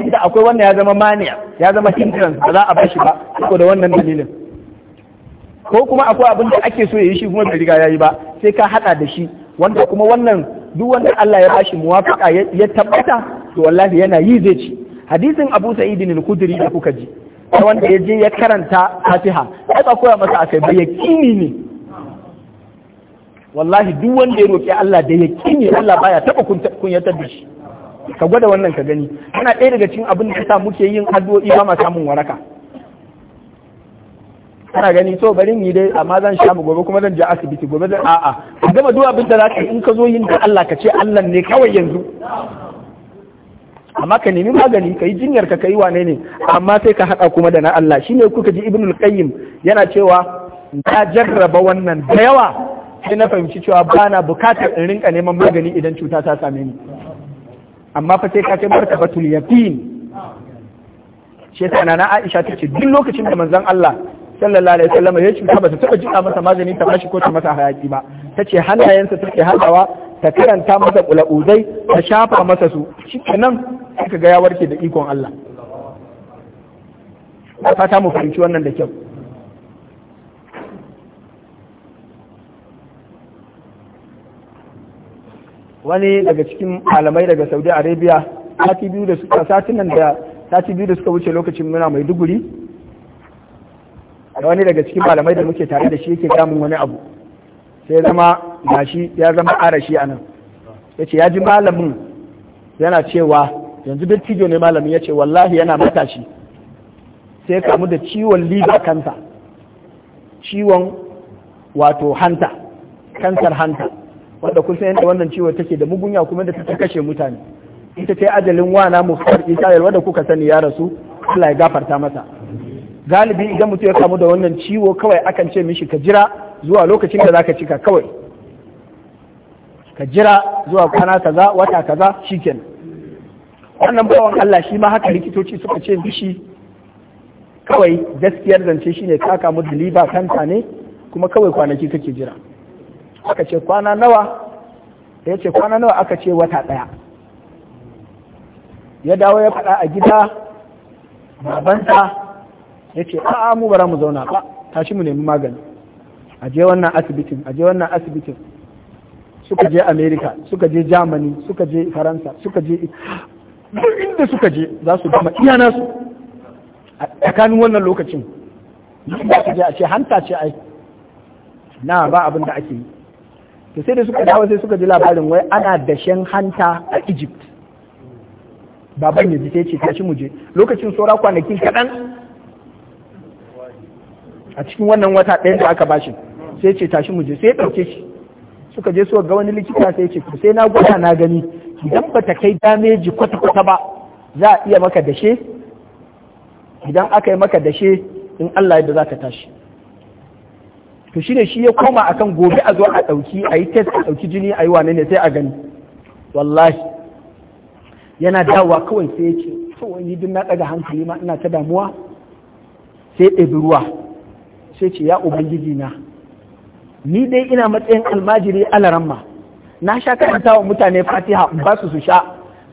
da akwai wannan ya zama maniya ya zama hindrance ba za a bashi ba saboda wannan dalilin ko kuma akwai abin da ake so ya yi shi kuma bai riga yayi ba sai ka hada da shi wanda kuma wannan duk wanda Allah ya bashi muwafaka ya tabbata to wallahi yana yi zai ci hadisin Abu Sa'id al-Khudri da kuka ji wanda ya je ya karanta Fatiha ai ka koya masa akai ba yakini ne wallahi duk wanda ya roki Allah da yakini Allah baya taba kunyatar da shi ka gwada wannan ka gani ana ɗaya daga cikin abin da yasa muke yin addu'o'i ba ma samun waraka kana gani to bari ni dai amma zan sha mu gobe kuma zan je asibiti gobe zan a'a ka gama duk abin da za ka in ka zo yin da Allah ka ce Allah ne kawai yanzu amma ka nemi magani ka yi jinyar ka kai wane ne amma sai ka haɗa kuma da na Allah shine kuka ji ibnul qayyim yana cewa na jarraba wannan da yawa sai na fahimci cewa ba na bukatar in rinka neman magani idan cuta ta same ni amma fa sai ka kai batul yaqin shi na Aisha ta ce duk lokacin da manzon Allah sallallahu alaihi wasallam ya ce ba ta taba jika masa magani ta bashi ko ta masa hayaki ba tace hannayensa take hadawa ta karanta masa kulauzai ta shafa masa su shikenan kika ga ya warke da ikon Allah ta fata mu fahimci wannan da kyau wani daga cikin malamai daga Saudi Arabia sati biyu da suka nan da sati biyu da suka wuce lokacin muna mai duguri da wani daga cikin malamai da muke tare da shi yake gamun wani abu sai zama shi ya zama arashi a nan ya ce ya ji malamin yana cewa yanzu dattijo ne malamin ya ce wallahi yana matashi sai ya kamu da ciwon liver kansa ciwon wato hanta kansar hanta wanda kusan yadda wannan ciwo take da mugunya kuma da ta kashe mutane ita ce ajalin wana mu isa yalwa da kuka sani ya rasu Allah ya gafarta masa galibi idan mutum ya kamu da wannan ciwo kawai akan ce mishi ka jira zuwa lokacin da zaka cika kawai ka jira zuwa kwana kaza wata kaza shikenan wannan bawan Allah shi ma haka likitoci suka ce mishi kawai gaskiyar zance shine ka kamu da liba kanta ne kuma kawai kwanaki kake jira aka ce kwana nawa ya ce kwana nawa aka ce wata ɗaya ya dawo ya faɗa a gida babansa ya ce a'a mu bara mu zauna ba tashi mu nemi magani a je wannan asibitin a je wannan asibitin suka je america suka je germany suka je faransa suka je inda suka je za su gama iya nasu a tsakanin wannan lokacin da su je a ce hanta ce ai na ba abin da ake yi to sai da suka dawo sai suka ji labarin wai ana dashen hanta a egypt baban ya ji sai ce tashi mu je lokacin saura kwanaki kaɗan a cikin wannan wata ɗaya da aka bashi sai ce tashi mu je sai ɗauke shi suka je suka ga wani likita sai ce sai na gwada na gani idan ba ta kai dameji kwata-kwata ba za a iya maka dashe idan aka yi maka dashe in Allah yadda za ka tashi to shine shi ya koma akan gobe a zo a ɗauki a yi test a ɗauki jini a yi wane ne sai a gani wallahi yana dawowa kawai sai ya ce kawai yi duk na ɗaga hankali ma ina ta damuwa sai ɗebi ruwa sai ce ya ubangiji na ni dai ina matsayin almajiri alaramma na sha karanta wa mutane fatiha in ba su su sha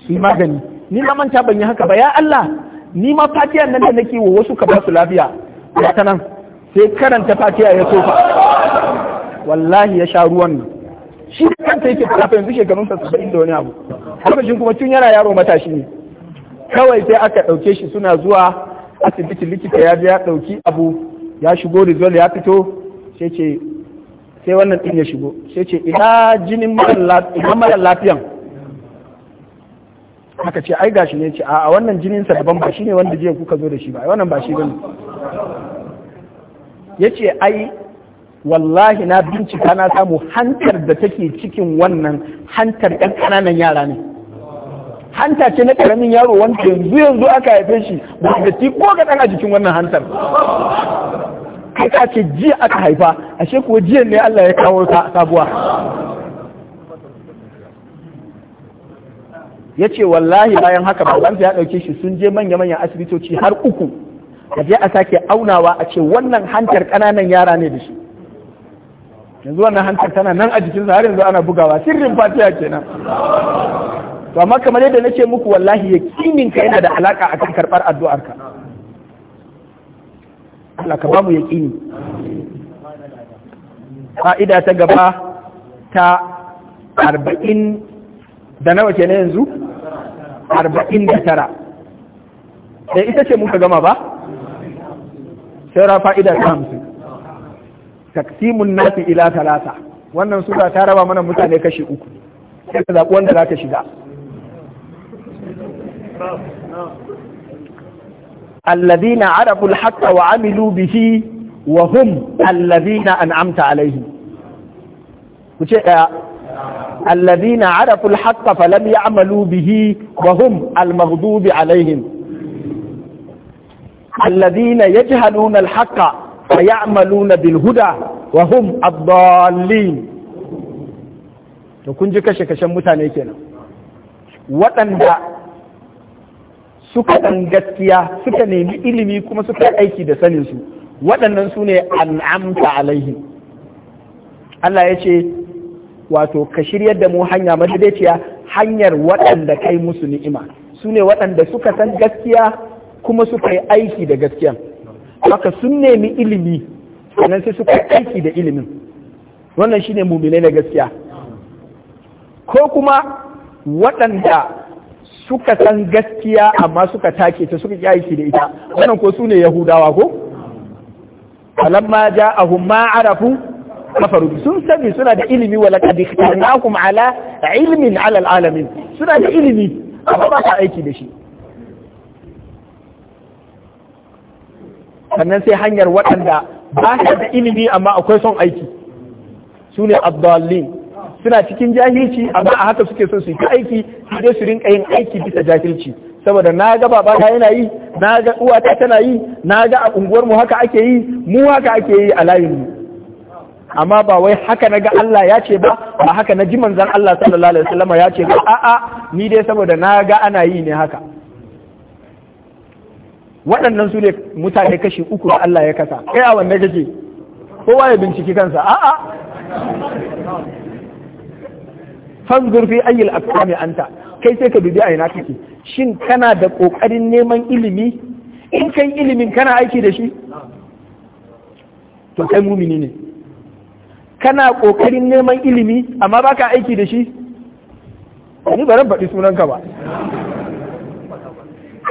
su yi magani ni na manta ban yi haka ba ya Allah ni ma fatiha nan da nake wa wasu ka ba su lafiya ya ta nan sai karanta fatiha ya sofa wallahi ya sha ruwan nan shi kanta yake kafin yanzu shekarunsa saba'in da wani abu lokacin kuma tun yana yaro matashi ne kawai sai aka ɗauke shi suna zuwa asibiti likita ya ya ɗauki abu ya shigo rizal ya fito sai ce sai wannan din ya shigo sai ce ina jinin mara lafiyan haka ce ai gashi ne ce a wannan jinin sa daban ba shine wanda jiya kuka zo da shi ba wannan ba shi bane yace ai wallahi na bincika na samu hantar da take cikin wannan hantar ɗan ƙananan yara ne hanta ce na karamin yaro wanda yanzu yanzu aka haife shi ba da ti ko ga dan a jikin wannan hantar kai ka ce jiya aka haifa ashe kuwa jiya ne Allah ya kawo sabuwa ya ce wallahi bayan haka zan ya ɗauke shi sun je manya-manyan asibitoci har uku da je a sake aunawa a ce wannan hantar ƙananan yara ne da shi yanzu wannan hantar tana nan a jikinsa har yanzu ana bugawa sirrin fatiya kenan to amma kamar yadda nace muku wallahi yakinin ka yana da alaka akan karbar addu'ar ka Allah ka ba mu yakini fa'ida ta gaba ta arba'in da nawa ke yanzu arba'in da tara da eh, ita ce muka gama ba sai fa'ida ta hamsin taksimun nasi ila talata wannan sura ta raba mana mutane kashi uku sai ka zaɓi wanda za ta shiga الذين عرفوا الحق وعملوا به وهم الذين أنعمت عليهم آه. الذين عرفوا الحق فلم يعملوا به وهم المغضوب عليهم الذين يجهلون الحق ويعملون بالهدى وهم الضالين to kun متانيكنا kashe-kashen mutane suka ɗan gaskiya suka nemi ilimi kuma suka aiki da saninsu waɗannan su ne an'amta alaihi Allah ya ce wato ka shirya da mu hanya madadaciya hanyar waɗanda kai musu ni'ima su ne waɗanda suka san gaskiya kuma suka yi aiki da gaskiya haka sun nemi ilimi sannan sai suka aiki da ilimin wannan shine mumine na gaskiya ko kuma waɗanda suka san gaskiya amma suka take ta suka ki da ita wannan ko su ne yahudawa ko falamma ja'ahum ma arafu kafaru sun sani suna da ilimi wa laqad ikhtarnakum ala ilmin ala alamin suna da ilimi amma ba ta aiki da shi sannan sai hanyar waɗanda ba da ilimi amma akwai son aiki su ne abdallin suna cikin jahilci amma a haka suke son su yi aiki su je su rinka yin aiki bisa jahilci saboda na ga baba ta yana yi na ga uwata tana yi na ga a unguwar mu haka ake yi mu haka ake yi a layin mu amma ba wai haka na ga Allah ya ce ba ba haka na ji manzon Allah sallallahu alaihi wasallam ya ce ba a'a ni dai saboda na ga ana yi ne haka waɗannan su ne mutane kashi uku da Allah ya kasa kai a wanne kake kowa ya binciki kansa a'a fanzur fi ayyil aqsami anta kai sai ka dubi a ina kake shin kana da kokarin neman ilimi in kai ilimin kana aiki da shi to kai mumini ne kana kokarin neman ilimi amma baka aiki da shi ni ba ran faɗi sunanka ba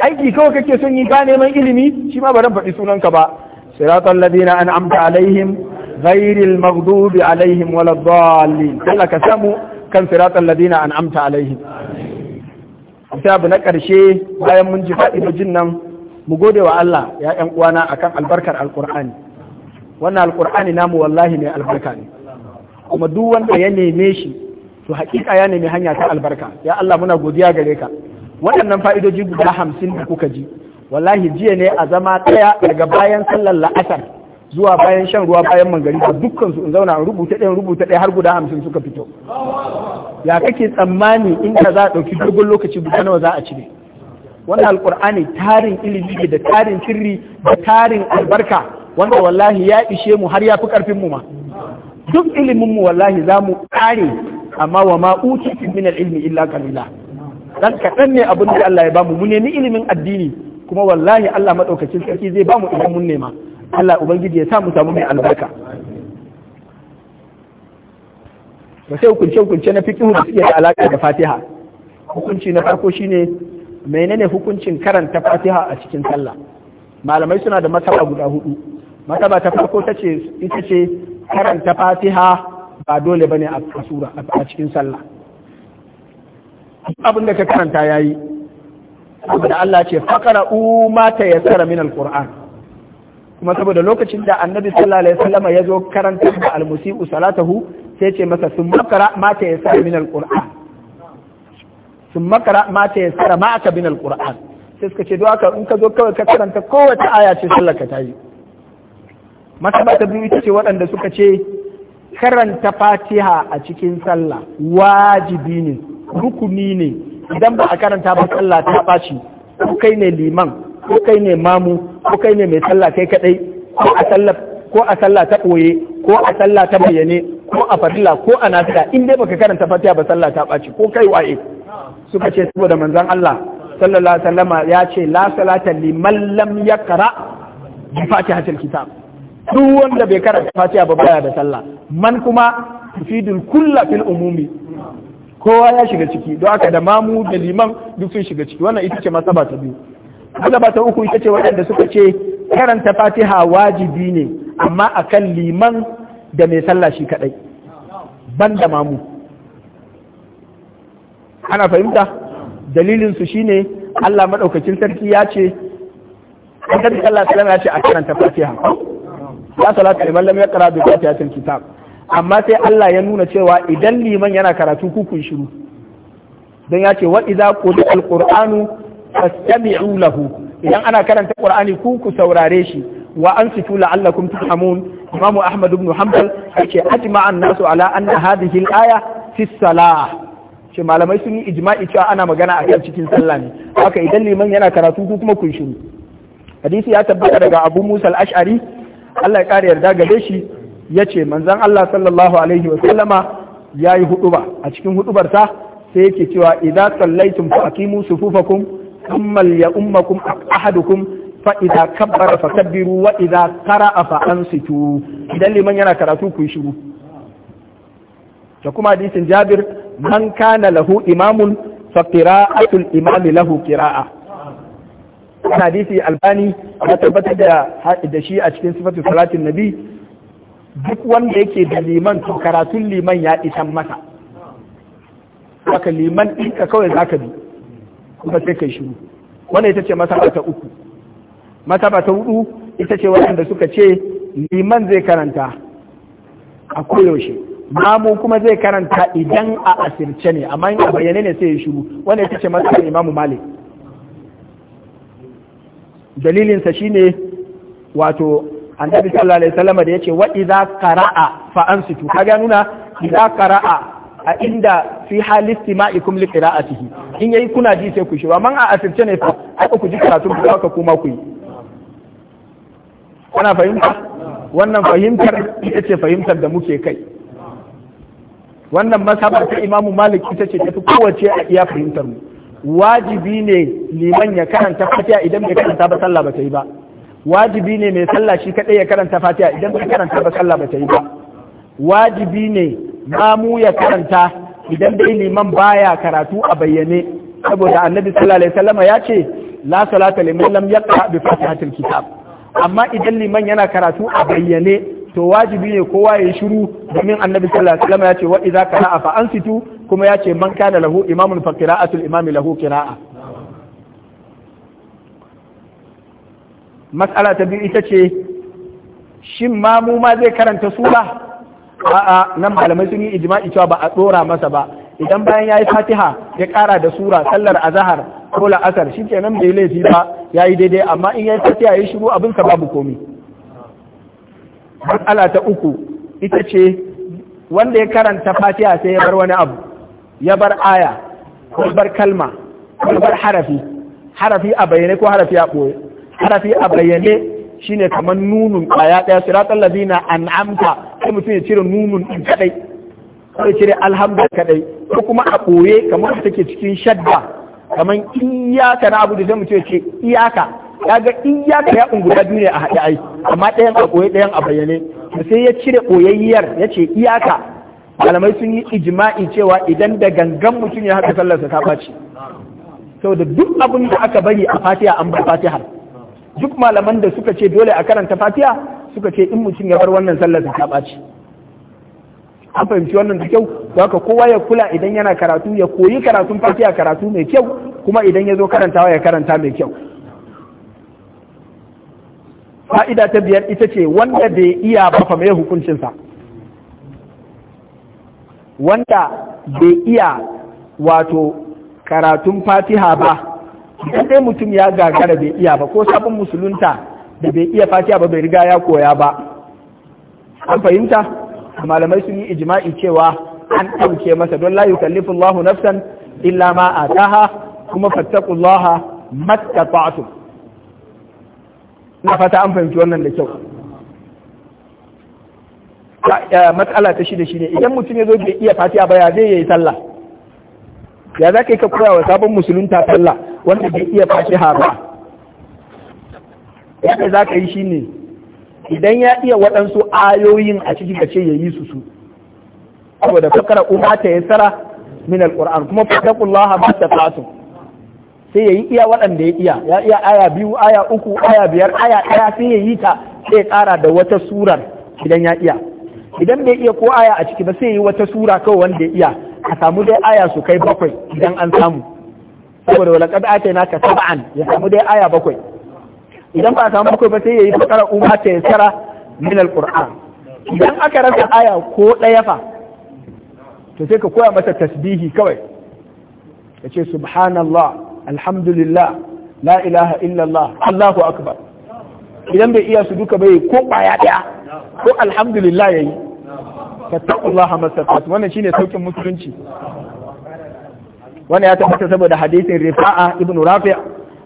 aiki kawai kake son yi ka neman ilimi shi ma ba ran faɗi sunanka ba siratal ladina amta alaihim ghairil maghdubi alaihim wala waladdallin Allah ka samu kan siratan ladina an amta alaihi. sai abu na karshe bayan mun ji fa'idojin nan mu gode wa Allah ya ƴan uwana akan albarkar alqur'ani wannan alqur'ani namu wallahi ne albarka ne kuma duk wanda ya neme shi to hakika ya nemi hanya ta albarka ya Allah muna godiya gare ka waɗannan fa'idoji guda hamsin da kuka ji wallahi jiya ne a zama ɗaya daga bayan sallar la'asar zuwa bayan shan ruwa bayan mangari da dukkan su in zauna in rubuta ɗaya rubuta ɗaya har guda hamsin suka fito ya kake tsammani inda za a ɗauki dogon lokaci guda nawa za a cire wannan Alƙur'ani tarin ilimi ne da tarin sirri da tarin albarka wanda wallahi ya ishe mu har ya fi ƙarfin mu ma duk ilimin mu wallahi za mu ƙare amma wa ma utitin min ilmi illa kalila dan kaɗan ne abin da Allah ya bamu mu nemi ilimin addini kuma wallahi Allah madaukakin sarki zai bamu idan mun nema Allah ubangiji ya sa mu samu mai albarka ba sai hukunce hukunce na fiqh da suke da alaka da Fatiha hukunci na farko shine menene hukuncin karanta Fatiha a cikin sallah malamai suna da masaba guda hudu masaba ta farko ta ce ita ce karanta Fatiha ba dole ba ne sura a cikin sallah abin da ka karanta ya yi yayi da Allah ce mata ya tsara min al kuma saboda lokacin da annabi sallallahu alaihi wasallam ya zo karanta da almusiu salatahu sai ce masa sun makara mata ta sara min alquran sun makara mata ta sara ma ta min alquran sai suka ce doka in ka zo kawai ka karanta kowace aya ce sallar ka tayi ba ta biyu ita ce waɗanda suka ce karanta fatiha a cikin sallah wajibi ne rukuni ne idan ba a karanta ba sallah ta ɓaci ko kai ne liman ko kai ne mamu ko kai ne mai sallah kai kadai ko a sallah ko a sallah ta boye ko a sallah ta bayyane ko a fadila ko a nasira in dai baka karanta fatiha ba sallah ta ɓaci ko kai waye suka ce saboda manzon Allah sallallahu alaihi wasallama ya ce la salata liman lam yakra bi fatihatil kitab duk wanda bai karanta fatiha ba baya da sallah man kuma tufidul kulla fil umumi kowa ya shiga ciki don haka da mamu da liman duk sun shiga ciki wannan ita ce masaba ta biyu mazhaba ta uku ita ce waɗanda suka ce karanta fatiha wajibi ne amma a kan liman da mai sallah shi kaɗai ban da mamu ana fahimta dalilinsu ne Allah maɗaukacin sarki ya ce an tafi sallah ya ce a karanta fatiha ya salata liman lam yaqra bi fatihatil kitab amma sai Allah ya nuna cewa idan liman yana karatu kukun shiru don ya ce wa idza Al qur'anu fastami'u lahu idan ana karanta qur'ani ku ku saurare shi wa ansitu la'allakum turhamun imamu ahmad ibn hanbal yake ajma'a an-nasu ala anna hadhihi al-aya fi salah ce malamai sun yi ijma'i cewa ana magana a kan cikin sallah ne haka idan liman yana karatu ku kuma kun shiru hadisi ya tabbata daga abu musa al-ash'ari Allah ya kare yarda gare shi yace manzon Allah sallallahu alaihi wa sallama yayi huduba a cikin hudubar sa sai yake cewa idza sallaitum fa aqimu sufufakum Kammal ya ummakum ahadukum fa idza kabbara fakabbiru wa idza qara'a fa ansitu idan liman yana karatu ku shiru da kuma hadisin Jabir man kana lahu imamun fa qira'atul imami lahu qira'a hadisi albani ya tabbatar da shi a cikin sifatu salatin nabi duk wanda yake da liman to karatun liman ya isan masa haka liman ɗinka kawai zaka bi kuma sai kai shiru wannan ita ce masaba ta uku masaba ta hudu ita ce waɗanda suka ce liman zai karanta a koyaushe mamu kuma zai karanta idan a asirce ne amma in a bayyane ne sai ya shiru wannan ita ce ta imamu malik dalilinsa shine wato annabi sallallahu alaihi wasallam da yace wa idza qara'a fa ansitu kaga nuna idza qara'a a inda fi halis tima'ikum li qira'atihi in yayi kuna ji sai ku shi man a asirce ne fa aka ku ji karatu ku aka kuma ku yi kana fahimta wannan fahimtar ita ce fahimtar da muke kai wannan masaba ta imamu malik ita ce tafi kowace a iya fahimtar mu wajibi ne liman ya karanta fatiha idan bai karanta ba sallah ba ta yi ba wajibi ne mai sallah shi kadai ya karanta fatiha idan bai karanta ba sallah ba ta yi ba wajibi ne mamu ya karanta idan dai liman baya karatu a bayyane saboda annabi sallallahu alaihi wasallam ya ce la salata liman lam yaqra bi fatihatil kitab amma idan liman yana karatu a bayyane to wajibi ne kowa ya shiru domin annabi sallallahu alaihi wasallam ya ce wa idza qara'a fa ansitu kuma ya ce man kana lahu imamun fa qira'atul imami lahu qira'a mas'ala ta biyu ita ce shin mamu ma zai karanta sura a'a nan malamai sun yi ijma'i cewa ba a tsora masa ba idan bayan yayi fatiha ya kara da sura sallar azhar ko la'asar shikenan bai laifi ba yayi daidai amma in yayi fatiha ya shiru abin sa babu komi mas'ala ta uku ita ce wanda ya karanta fatiha sai ya bar wani abu ya bar aya ko bar kalma ko bar harafi harafi a bayyane ko harafi a boye harafi a bayyane shine kamar nunun ɗaya. daya lazina an amta. sai mutum ya cire nunun ɗin kadai sai cire alhamdul kadai ko kuma a ɓoye kamar take cikin shadda kamar iyaka na abu da zai mutum ya ce iyaka ga iyaka ya unguda duniya a haɗe ai amma ɗayan a ɓoye ɗayan a bayyane sai ya cire ɓoyayyiyar ya ce iyaka malamai sun yi ijma'i cewa idan da gangan mutum ya haka sallarsa ta ɓaci saboda duk abin da aka bari a fatiha an bar fatihar duk malaman da suka ce dole a karanta fatiha suka ce in mutum ya bar wannan sallar ta ɓaci an fahimci wannan da kyau haka kowa ya kula idan yana karatu ya koyi karatun fatiha karatu mai kyau kuma idan ya zo karantawa ya karanta mai kyau fa'ida ta biyar ita ce wanda bai iya bafa mai hukuncinsa wanda bai iya wato karatun fatiha ba idan dai mutum ya gagara bai iya ba ko sabon musulunta da bai iya fatiha ba bai riga ya koya ba an fahimta malamai sun yi ijma'i cewa an ɗauke masa don layu yukallifu Allahu nafsan illa ma ataha kuma fattaqullaha mastata'tum na fata an fahimci wannan da kyau matsala ta shida shine idan mutum ya zo bai iya fatiha ba ya zai yi sallah ya za ka yi ka koya wa sabon musulun tafalla wanda bai iya fatiha ba yadda za ka yi shi ne idan ya iya waɗansu ayoyin a ciki ka ce ya yi su su saboda fakara umma ta tsara min alquran kuma ba ta tafatun sai ya yi iya waɗanda ya iya ya iya aya biyu aya uku aya biyar aya ɗaya sai ya yi ta sai ya ƙara da wata surar idan ya iya idan bai iya ko aya a ciki ba sai ya yi wata sura kawai wanda ya iya a samu dai aya su kai bakwai idan an samu saboda wala kad na ka sab'an ya samu dai aya bakwai idan ba samu bakwai ba sai yayi fakara umma ta yasara min alquran idan aka rasa aya ko ɗaya fa to sai ka koya mata tasbihi kawai ka ce subhanallah alhamdulillah la ilaha illallah allahu akbar idan bai iya su duka bai ko kwaya ɗaya ko alhamdulillah yayi fattaqullaha masafat wannan shine saukin musulunci wannan ya tabbata saboda hadisin rifa'a ibnu rafi'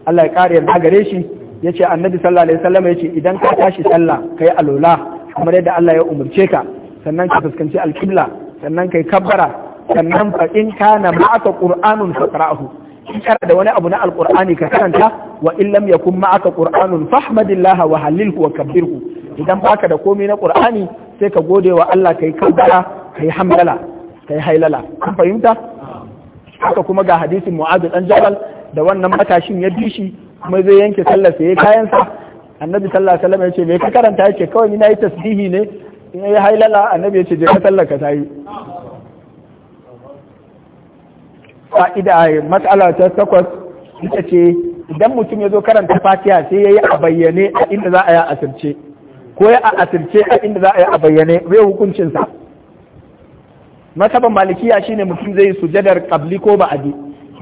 Allah ya kare yarda gare shi yace annabi sallallahu alaihi wasallam yace idan ka tashi sallah kai alola kamar yadda Allah ya umurce ka sannan ka fuskanci alqibla sannan kai kabbara sannan fa in kana ma'aka qur'anun faqra'hu in kana da wani abu na alqur'ani ka karanta wa in lam yakun ma'aka qur'anun fahmadillaha wa halilhu wa kabbirhu idan baka da komai na qur'ani sai ka gode wa Allah ka yi kai ka yi hamdala yi hailala kun fahimta haka kuma ga hadisin Mu'azu dan jabal da wannan matashin ya bi shi kuma zai yanke sallar sai kayan sa annabi sallallahu alaihi wasallam ya ce me ka karanta yace kawai ni yi tasbihi ne in yi hailala annabi ya ce je ka sallar ka tayi fa'ida mas'ala ta takwas ita ce idan mutum ya zo karanta fatiha sai ya yi a bayyane a inda za a yi asirce ko ya a asirce a inda za a yi a bayyane zai hukuncinsa mataban malikiya shine mutum zai sujadar kabli ko ba'adi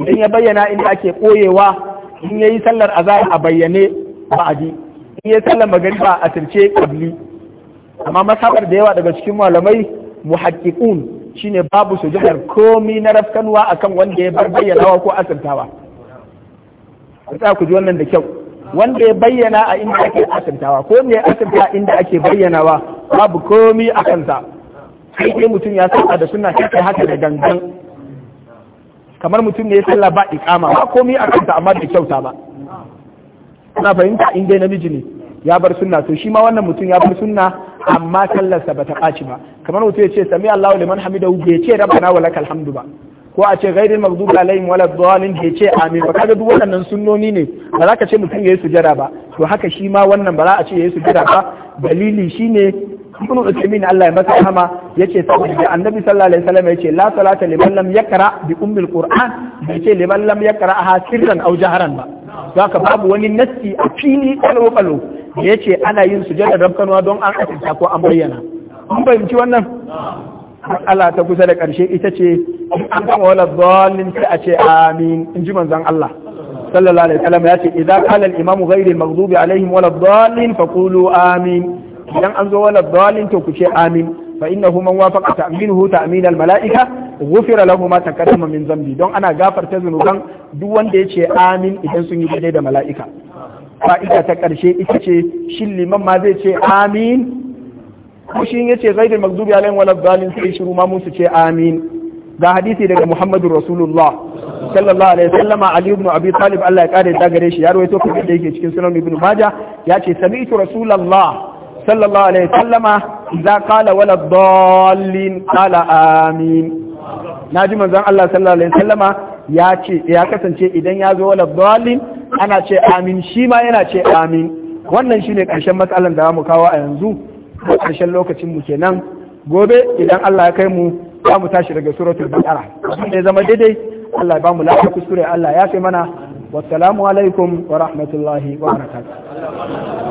In ya bayyana inda ake koyewa in ya yi sallar za a bayyane ba'adi in ya sallar ba a asirce kabli amma masabar da yawa daga cikin malamai muhaqqiqun shine babu sujadar komi na rafkanwa akan wanda ya bar bayyanawa ko asirtawa ku ji wannan da kyau wanda ya bayyana a inda ake asirtawa ko me asirta inda ake bayyanawa babu komi a kansa sai dai mutum ya sa da suna kake haka da gangan kamar mutum ne ya sallah ba ikama ba komi a kansa amma da kyauta ba suna fahimta in dai namiji ne ya bar sunna to shi ma wannan mutum ya bar sunna amma sallarsa bata ɓaci ba kamar mutum ya ce sami Allahu liman hamidahu bai ce rabbana walakal hamdu ba ko a ce gairin magdubi alaihim wala dhalin bai ce amin ba kaga duk waɗannan sunnoni ne ba za ka ce mutum yayi sujada ba to haka shi ma wannan ba za a ce yayi sujada ba dalili shine ibnu usaymin Allah ya masa rahama yace saboda annabi sallallahu alaihi wasallam yace la salata liman lam yaqra bi ummil qur'an bai ce liman lam yaqra sirran aw jaharan ba zaka babu wani nassi a fili kalo kalo da yace ana yin sujada rabkanwa don an asirta ko an bayyana an fahimci wannan matsala ta kusa da ƙarshe ita ce an kama wala zalin sai a ce amin in ji manzon Allah sallallahu alaihi wasallam ya ce idan kalal al imamu ghairi maghdubi alaihim wala fa qulu amin idan an zo wala dhalin to ku ce amin fa innahu man wafaqa ta'minuhu ta'min al mala'ika ghufira lahu ma taqaddama min zambi don ana gafarta zunuban duk wanda ya ce amin idan sun yi daidai da mala'ika fa'ida ta ƙarshe ita ce shin liman ma zai ce amin ko shi yace ghairil maghdubi alaihim waladdallin sai shiru ma musu ce amin ga hadisi daga Muhammadu Rasulullah sallallahu alaihi wasallam Ali ibn Abi Talib Allah ya kare da gare shi ya rawaito kuma da yake cikin sunan Ibn Majah ya ce sami'tu Rasulullah sallallahu alaihi wasallam idza qala wala dallin qala amin naji manzon Allah sallallahu alaihi wasallam ya ce ya kasance idan ya zo wala dallin ana ce amin shi ma yana ce amin wannan shine karshen matsalan da mu kawo a yanzu a ƙarshen lokacin mu kenan gobe idan Allah ya kai mu za mu tashi daga suratul baqara abin ya zama daidai Allah ya ba mu lafiya kuskure Allah ya fi mana wassalamu alaikum wa rahmatullahi wa barakatuh